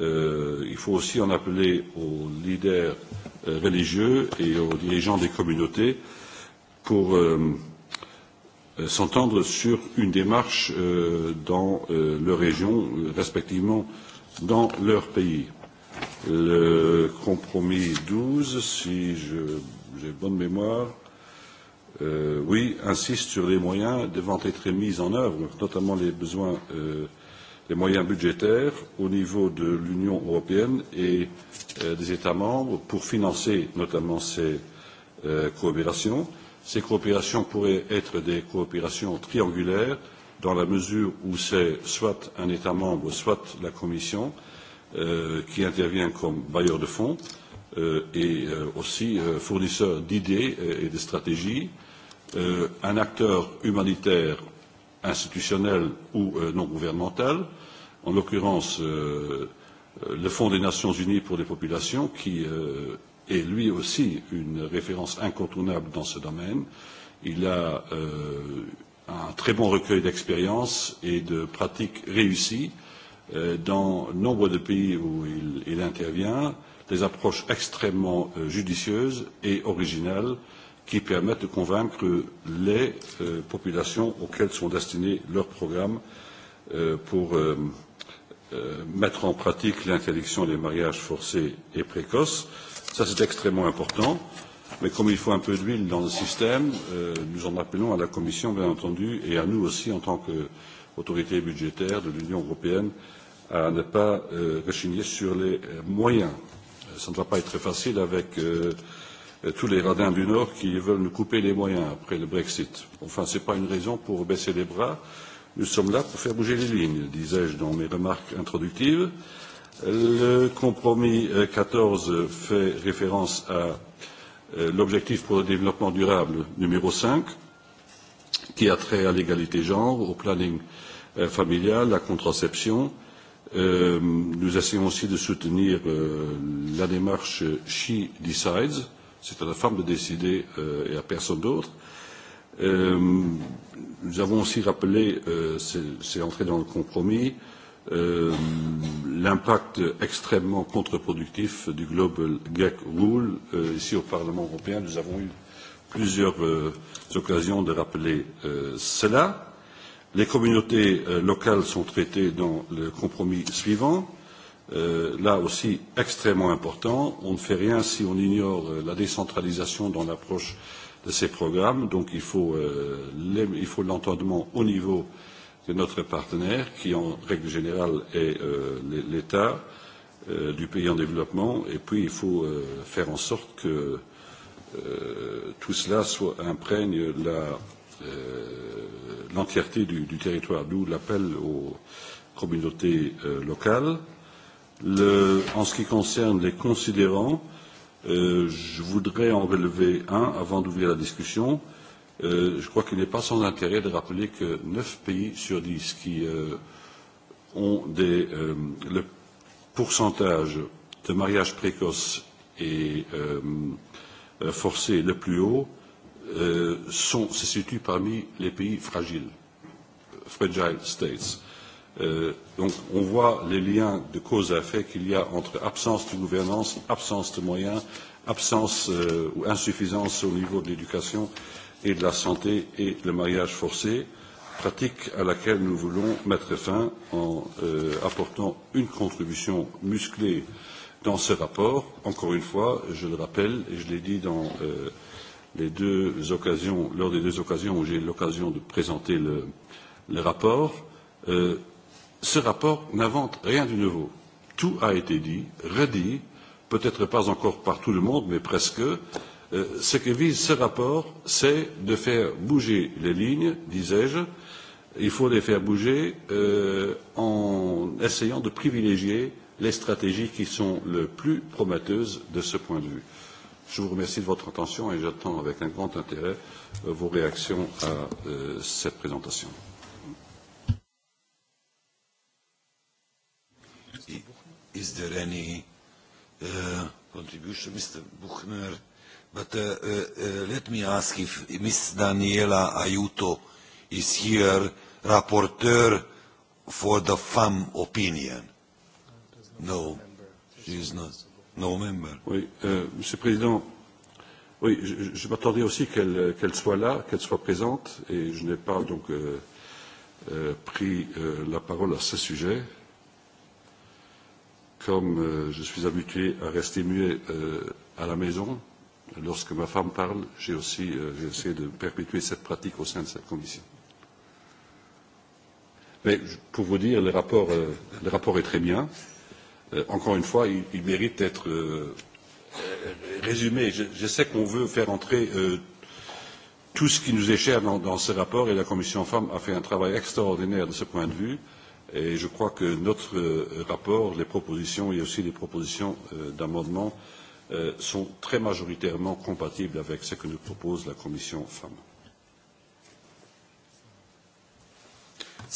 il faut aussi en appeler aux leaders religieux et aux dirigeants des communautés pour s'entendre sur une démarche dans leur région, respectivement dans leur pays Le compromis 12, si j'ai bonne mémoire, euh, oui, insiste sur les moyens devant être mis en œuvre, notamment les besoins, euh, les moyens budgétaires au niveau de l'Union européenne et euh, des États membres pour financer notamment ces euh, coopérations. Ces coopérations pourraient être des coopérations triangulaires dans la mesure où c'est soit un État membre, soit la Commission, euh, qui intervient comme bailleur de fonds et aussi fournisseur d'idées et de stratégies, un acteur humanitaire institutionnel ou non gouvernemental, en l'occurrence le Fonds des Nations Unies pour les populations, qui est lui aussi une référence incontournable dans ce domaine. Il a un très bon recueil d'expériences et de pratiques réussies euh, dans nombre de pays où il, il intervient des approches extrêmement judicieuses et originales qui permettent de convaincre les populations auxquelles sont destinés leurs programmes pour mettre en pratique l'interdiction des mariages forcés et précoces. Ça, c'est extrêmement important. Mais comme il faut un peu d'huile dans le système, nous en appelons à la Commission, bien entendu, et à nous aussi, en tant qu'autorité budgétaire de l'Union européenne, euh, à ne pas rechigner sur les moyens. Ça ne va pas être facile avec tous les radins du Nord qui veulent nous couper les moyens après le Brexit. Enfin, ce n'est pas une raison pour baisser les bras. Nous sommes là pour faire bouger les lignes, disais-je dans mes remarques introductives. Le compromis quatorze fait référence à l'objectif pour le développement durable numéro cinq, qui a trait à l'égalité genre, au planning familial, à la contraception, euh, nous essayons aussi de soutenir la démarche She Decides, c'est à la femme de décider et à personne d'autre. nous avons aussi rappelé, c'est entré dans le compromis, l'impact extrêmement contre-productif du Global Gag Rule. ici au Parlement européen, nous avons eu plusieurs occasions de rappeler cela Les communautés locales sont traitées dans le compromis suivant. là aussi, extrêmement important. On ne fait rien si on ignore la décentralisation dans l'approche de ces programmes. Donc il faut l'entendement au niveau de notre partenaire, qui en règle générale est l'État du pays en développement. Et puis il faut faire en sorte que tout cela imprègne la l'entièreté du, du territoire, d'où l'appel aux communautés euh, locales. Le, en ce qui concerne les considérants, euh, je voudrais en relever un avant d'ouvrir la discussion. Euh, je crois qu'il n'est pas sans intérêt de rappeler que neuf pays sur dix qui euh, ont des, euh, le pourcentage de mariage précoce et euh, forcé le plus haut sont, se situent parmi les pays fragiles, fragile states. donc on voit les liens de cause à effet qu'il y a entre absence de gouvernance, absence de moyens, absence ou insuffisance au niveau de l'éducation et de la santé et le mariage forcé, pratique à laquelle nous voulons mettre fin en apportant une contribution musclée dans ce rapport. Encore une fois, je le rappelle et je l'ai dit dans les deux occasions, lors des deux occasions où j'ai eu l'occasion de présenter le, le rapport, euh, ce rapport n'invente rien de nouveau. Tout a été dit, redit, peut-être pas encore par tout le monde, mais presque. Euh, ce que vise ce rapport, c'est de faire bouger les lignes, disais-je. Il faut les faire bouger euh, en essayant de privilégier les stratégies qui sont le plus prometteuses de ce point de vue Je vous remercie de votre attention et j'attends avec un grand intérêt vos réactions à cette présentation. Is there any uh, contribution, Mr. Buchner? But uh, uh, let me ask if Ms. Daniela Ayuto is here, rapporteur for the FAM opinion. No, she is not. November. Oui, euh, Monsieur le Président, oui, je, je m'attendais aussi qu'elle qu'elle soit là, qu'elle soit présente, et je n'ai pas donc euh, euh, pris euh, la parole à ce sujet. Comme euh, je suis habitué à rester muet euh, à la maison, lorsque ma femme parle, j'ai aussi euh, essayé de perpétuer cette pratique au sein de cette commission. Mais pour vous dire, le rapport, euh, le rapport est très bien. Euh, encore une fois, il, il mérite d'être résumé. Je, je sais qu'on veut faire entrer tout ce qui nous est cher dans, dans ce rapport et la commission femmes a fait un travail extraordinaire de ce point de vue et je crois que notre rapport, les propositions et aussi les propositions d'amendement sont très majoritairement compatibles avec ce que nous propose la commission femmes.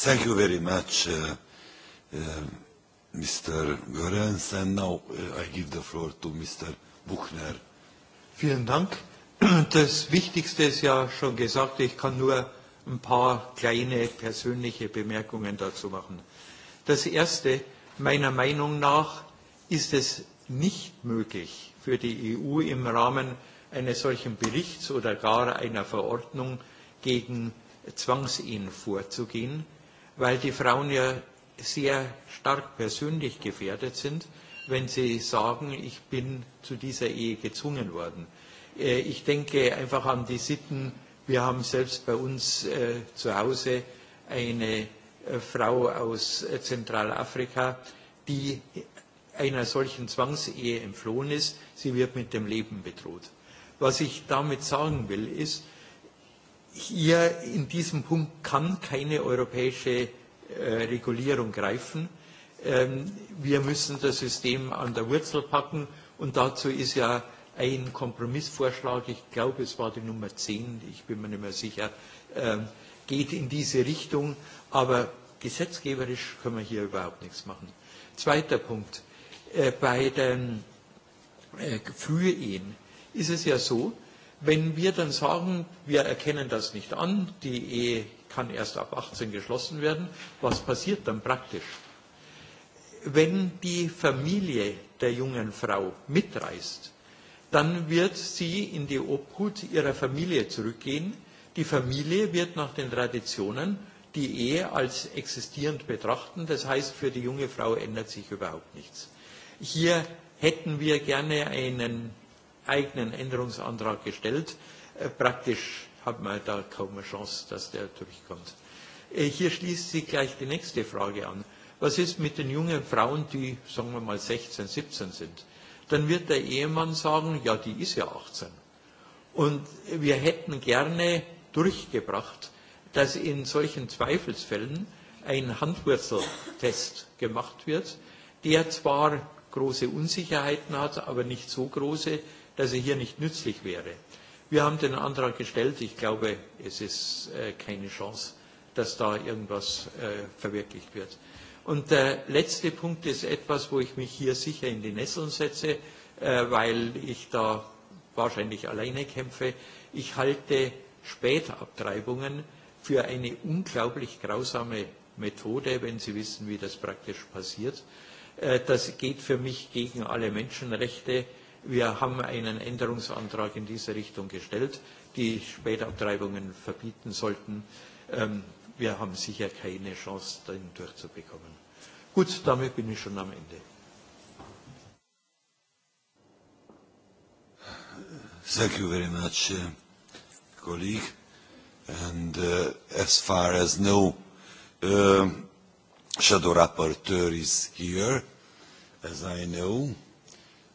Thank you very much. Uh, uh, Mr. Goerens, and now uh, I give the floor to Mr. Buchner. Vielen Dank. Das Wichtigste ist ja schon gesagt. Ich kann nur ein paar kleine persönliche Bemerkungen dazu machen. Das Erste, meiner Meinung nach ist es nicht möglich für die EU im Rahmen eines solchen Berichts oder gar einer Verordnung gegen Zwangsehen vorzugehen, weil die Frauen ja sehr stark persönlich gefährdet sind, wenn sie sagen, ich bin zu dieser Ehe gezwungen worden. Ich denke einfach an die Sitten. Wir haben selbst bei uns zu Hause eine Frau aus Zentralafrika, die einer solchen Zwangsehe entflohen ist. Sie wird mit dem Leben bedroht. Was ich damit sagen will, ist, hier in diesem Punkt kann keine europäische Regulierung greifen. Wir müssen das System an der Wurzel packen und dazu ist ja ein Kompromissvorschlag, ich glaube es war die Nummer 10, ich bin mir nicht mehr sicher, geht in diese Richtung, aber gesetzgeberisch können wir hier überhaupt nichts machen. Zweiter Punkt, bei den Frühehen ist es ja so, wenn wir dann sagen, wir erkennen das nicht an, die Ehe kann erst ab 18 geschlossen werden. Was passiert dann praktisch? Wenn die Familie der jungen Frau mitreist, dann wird sie in die Obhut ihrer Familie zurückgehen. Die Familie wird nach den Traditionen die Ehe als existierend betrachten. Das heißt, für die junge Frau ändert sich überhaupt nichts. Hier hätten wir gerne einen eigenen Änderungsantrag gestellt, praktisch hat man da kaum eine Chance, dass der durchkommt. Hier schließt sich gleich die nächste Frage an. Was ist mit den jungen Frauen, die, sagen wir mal, 16, 17 sind? Dann wird der Ehemann sagen, ja, die ist ja 18. Und wir hätten gerne durchgebracht, dass in solchen Zweifelsfällen ein Handwurzeltest gemacht wird, der zwar große Unsicherheiten hat, aber nicht so große, dass er hier nicht nützlich wäre. Wir haben den Antrag gestellt. Ich glaube, es ist keine Chance, dass da irgendwas verwirklicht wird. Und der letzte Punkt ist etwas, wo ich mich hier sicher in die Nesseln setze, weil ich da wahrscheinlich alleine kämpfe. Ich halte Spätabtreibungen für eine unglaublich grausame Methode, wenn Sie wissen, wie das praktisch passiert. Das geht für mich gegen alle Menschenrechte Wir haben einen Änderungsantrag in diese Richtung gestellt, die Spätabtreibungen verbieten sollten. Wir haben sicher keine Chance, den durchzubekommen. Gut, damit bin ich schon am Ende. Thank you very much, uh, colleague. And uh, as far as no uh, shadow rapporteur is here, as I know,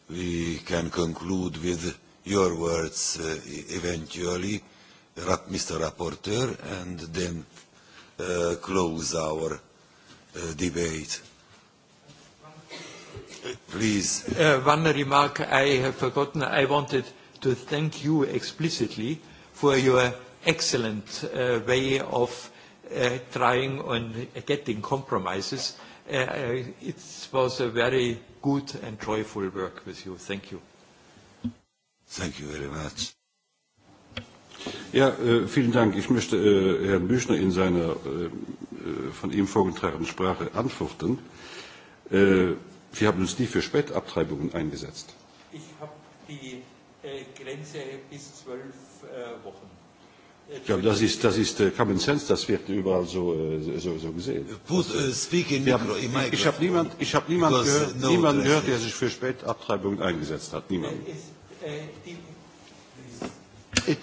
we can conclude with your words uh, eventually, Mr. Rapporteur, and then uh, close our uh, debate. Please. Uh, one remark I have forgotten. I wanted to thank you explicitly for your excellent uh, way of uh, trying and getting compromises. Uh, it was a very good and joyful work with you. Thank you. Thank you very much. Ja, vielen Dank. Ich möchte Herrn Büchner in seiner von ihm vorgetragenen Sprache antworten. Sie haben uns nie für Spätabtreibungen eingesetzt. Ich habe die Grenze bis zwölf Wochen das ist, das ist äh, Common Sense, das wird überall so, äh, so, so gesehen. Put, uh, speak in micro, in micro. Ich habe niemand, ich hab niemand gehört, no gehört, der sich für Spätabtreibung eingesetzt hat. Niemand.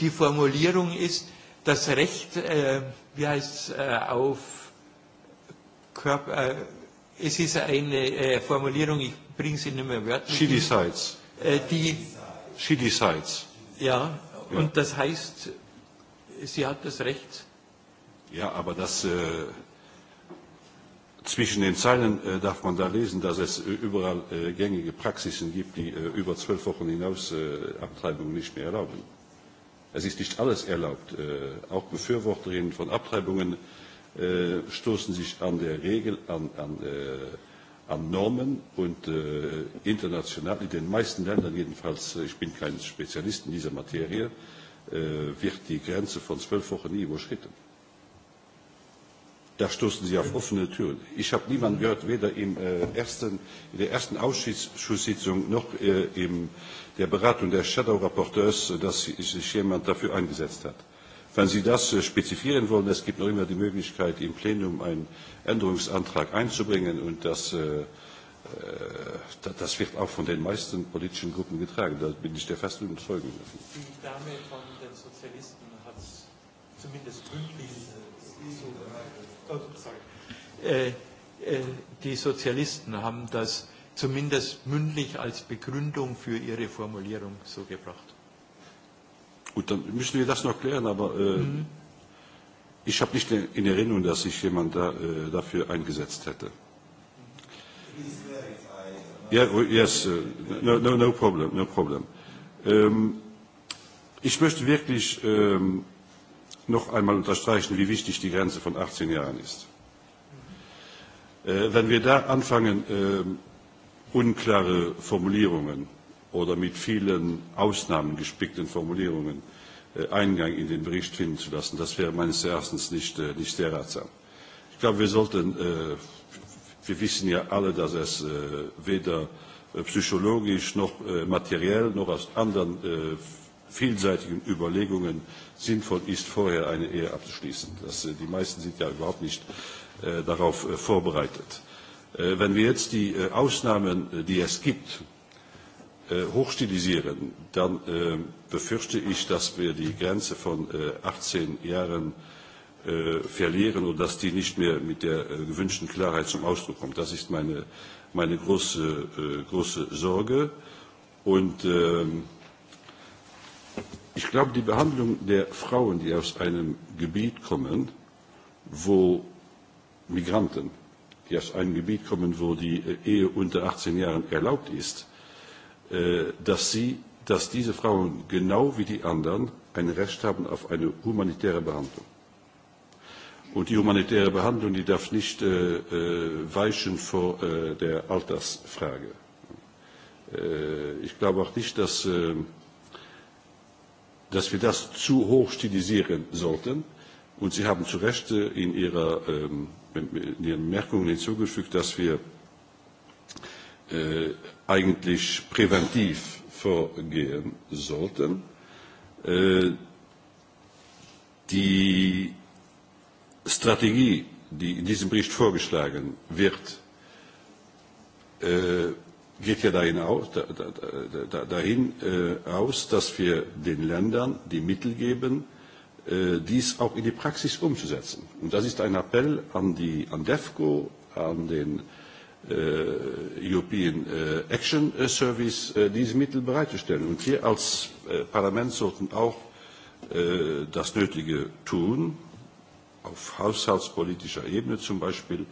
Die, Formulierung ist, das Recht, äh, wie heißt äh, auf Körper, äh, es ist eine äh, Formulierung, ich bringe sie nicht mehr wörtlich. She decides. Äh, die, She decides. Ja, und das heißt, Sie hat das Recht. Ja, aber das, äh, zwischen den Zeilen äh, darf man da lesen, dass es überall äh, gängige Praxisen gibt, die äh, über zwölf Wochen hinaus äh, Abtreibungen nicht mehr erlauben. Es ist nicht alles erlaubt. Äh, auch Befürworterinnen von Abtreibungen äh, stoßen sich an der Regel, an, an, äh, an Normen und äh, international, in den meisten Ländern jedenfalls, ich bin kein Spezialist in dieser Materie, äh, wird die Grenze von zwölf Wochen nie überschritten. Da stoßen Sie auf offene Türen. Ich habe niemanden gehört, weder im, äh, ersten, in der ersten Ausschusssitzung noch äh, in der Beratung der Shadow Rapporteurs, dass sich jemand dafür eingesetzt hat. Wenn Sie das äh, spezifizieren wollen, es gibt noch immer die Möglichkeit, im Plenum einen Änderungsantrag einzubringen und das, äh, das wird auch von den meisten politischen Gruppen getragen. Da bin ich der festen Überzeugung. Die Dame von Sozialisten hat es zumindest pünktlich so sorry. Die Sozialisten haben das zumindest mündlich als Begründung für ihre Formulierung so gebracht. Gut, dann müssen wir das noch klären, aber äh, mhm. ich habe nicht in Erinnerung, dass sich jemand da, äh, dafür eingesetzt hätte. Ja, Yeah, yes, uh, no, no, no problem, no problem. Ähm, Ich möchte wirklich ähm, noch einmal unterstreichen, wie wichtig die Grenze von 18 Jahren ist. Äh, wenn wir da anfangen, äh, unklare Formulierungen oder mit vielen Ausnahmen gespickten Formulierungen äh, Eingang in den Bericht finden zu lassen, das wäre meines Erachtens nicht, äh, nicht sehr ratsam. Ich glaube, wir sollten, äh, wir wissen ja alle, dass es äh, weder psychologisch noch äh, materiell noch aus anderen äh, vielseitigen Überlegungen sinnvoll ist, vorher eine Ehe abzuschließen. Das, die meisten sind ja überhaupt nicht darauf vorbereitet. wenn wir jetzt die Ausnahmen, die es gibt, hochstilisieren, dann befürchte ich, dass wir die Grenze von achtzehn 18 Jahren verlieren und dass die nicht mehr mit der gewünschten Klarheit zum Ausdruck kommt. Das ist meine, meine große, große Sorge. Und Ich glaube, die Behandlung der Frauen, die aus einem Gebiet kommen, wo Migranten, die aus einem Gebiet kommen, wo die Ehe unter 18 Jahren erlaubt ist, dass, sie, dass diese Frauen genau wie die anderen ein Recht haben auf eine humanitäre Behandlung. Und die humanitäre Behandlung, die darf nicht weichen vor der Altersfrage. ich glaube auch nicht, dass äh, dass wir das zu hoch stilisieren sollten. Und Sie haben zu Recht in, Ihrer, in Ihren Bemerkungen hinzugefügt, dass wir eigentlich präventiv vorgehen sollten. die Strategie, die in diesem Bericht vorgeschlagen wird, geht ja dahin aus, da, da, da, dahin äh, aus, dass wir den Ländern die Mittel geben, äh, dies auch in die Praxis umzusetzen. Und das ist ein Appell an, die, an DEFCO, an den äh, European äh, Action Service, äh, diese Mittel bereitzustellen. Und wir als äh, Parlament sollten auch äh, das Nötige tun, auf haushaltspolitischer Ebene zum Beispiel,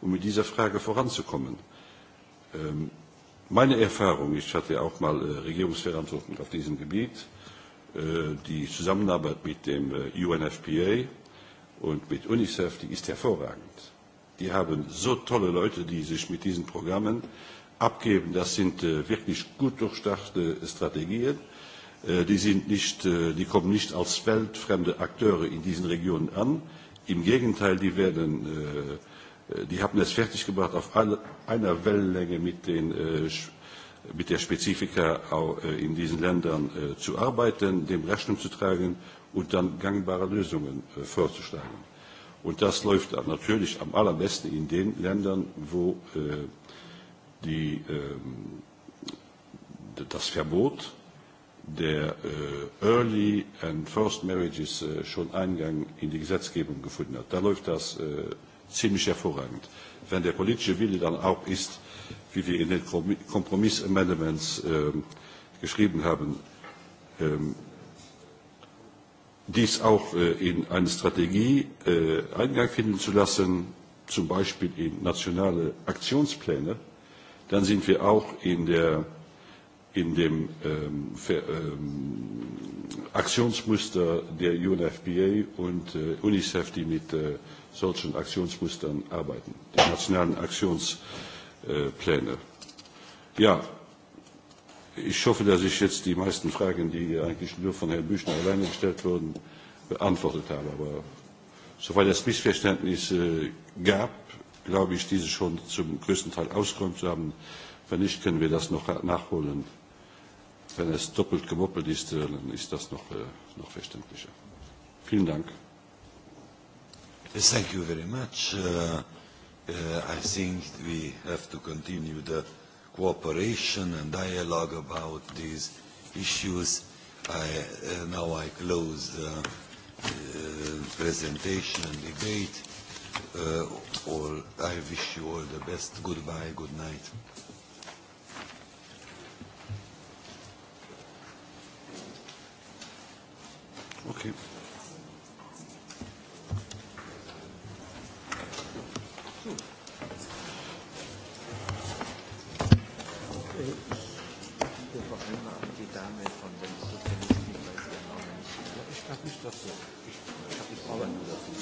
um mit dieser Frage voranzukommen. Ähm, meine Erfahrung, ich hatte ja auch mal Regierungsverantwortung auf diesem Gebiet, die Zusammenarbeit mit dem UNFPA und mit UNICEF, die ist hervorragend. Die haben so tolle Leute, die sich mit diesen Programmen abgeben. Das sind wirklich gut durchdachte Strategien. Die, sind nicht, die kommen nicht als weltfremde Akteure in diesen Regionen an. Im Gegenteil, die werden die haben es fertiggebracht, auf einer Wellenlänge mit, den, mit der Spezifika in diesen Ländern zu arbeiten, dem Rechnung zu tragen und dann gangbare Lösungen vorzuschlagen. Und das läuft natürlich am allerbesten in den Ländern, wo die, das Verbot der äh, Early and First Marriages äh, schon Eingang in die Gesetzgebung gefunden hat. Da läuft das äh, ziemlich hervorragend, wenn der politische Wille dann auch ist, wie wir in den Kompromissamendments geschrieben haben, dies auch in eine Strategie Eingang finden zu lassen, zum Beispiel in nationale Aktionspläne, dann sind wir auch in, der, in dem ähm, Ver, ähm, Aktionsmuster der UNFPA und äh, UNICEF, die mit äh, solchen Aktionsmustern arbeiten, die nationalen Aktionspläne. Ja, ich hoffe, dass ich jetzt die meisten Fragen, die eigentlich nur von Herrn Büchner alleine gestellt wurden, beantwortet habe. Aber soweit es Missverständnisse gab, glaube ich, diese schon zum größten Teil ausgeräumt zu haben. Wenn nicht, können wir das noch nachholen. Wenn es doppelt gemoppelt ist, dann ist das noch, noch verständlicher. Vielen Dank. Thank you very much. Uh, uh, I think we have to continue the cooperation and dialogue about these issues. I, uh, now I close the uh, presentation and debate. Uh, all, I wish you all the best. Goodbye. Good night. Okay. Wir vereinbaren die Dame von den Sozialisten, ich weiß ihren Namen nicht mehr. Ich habe nicht dafür. Ich, ich arbeite nur dafür.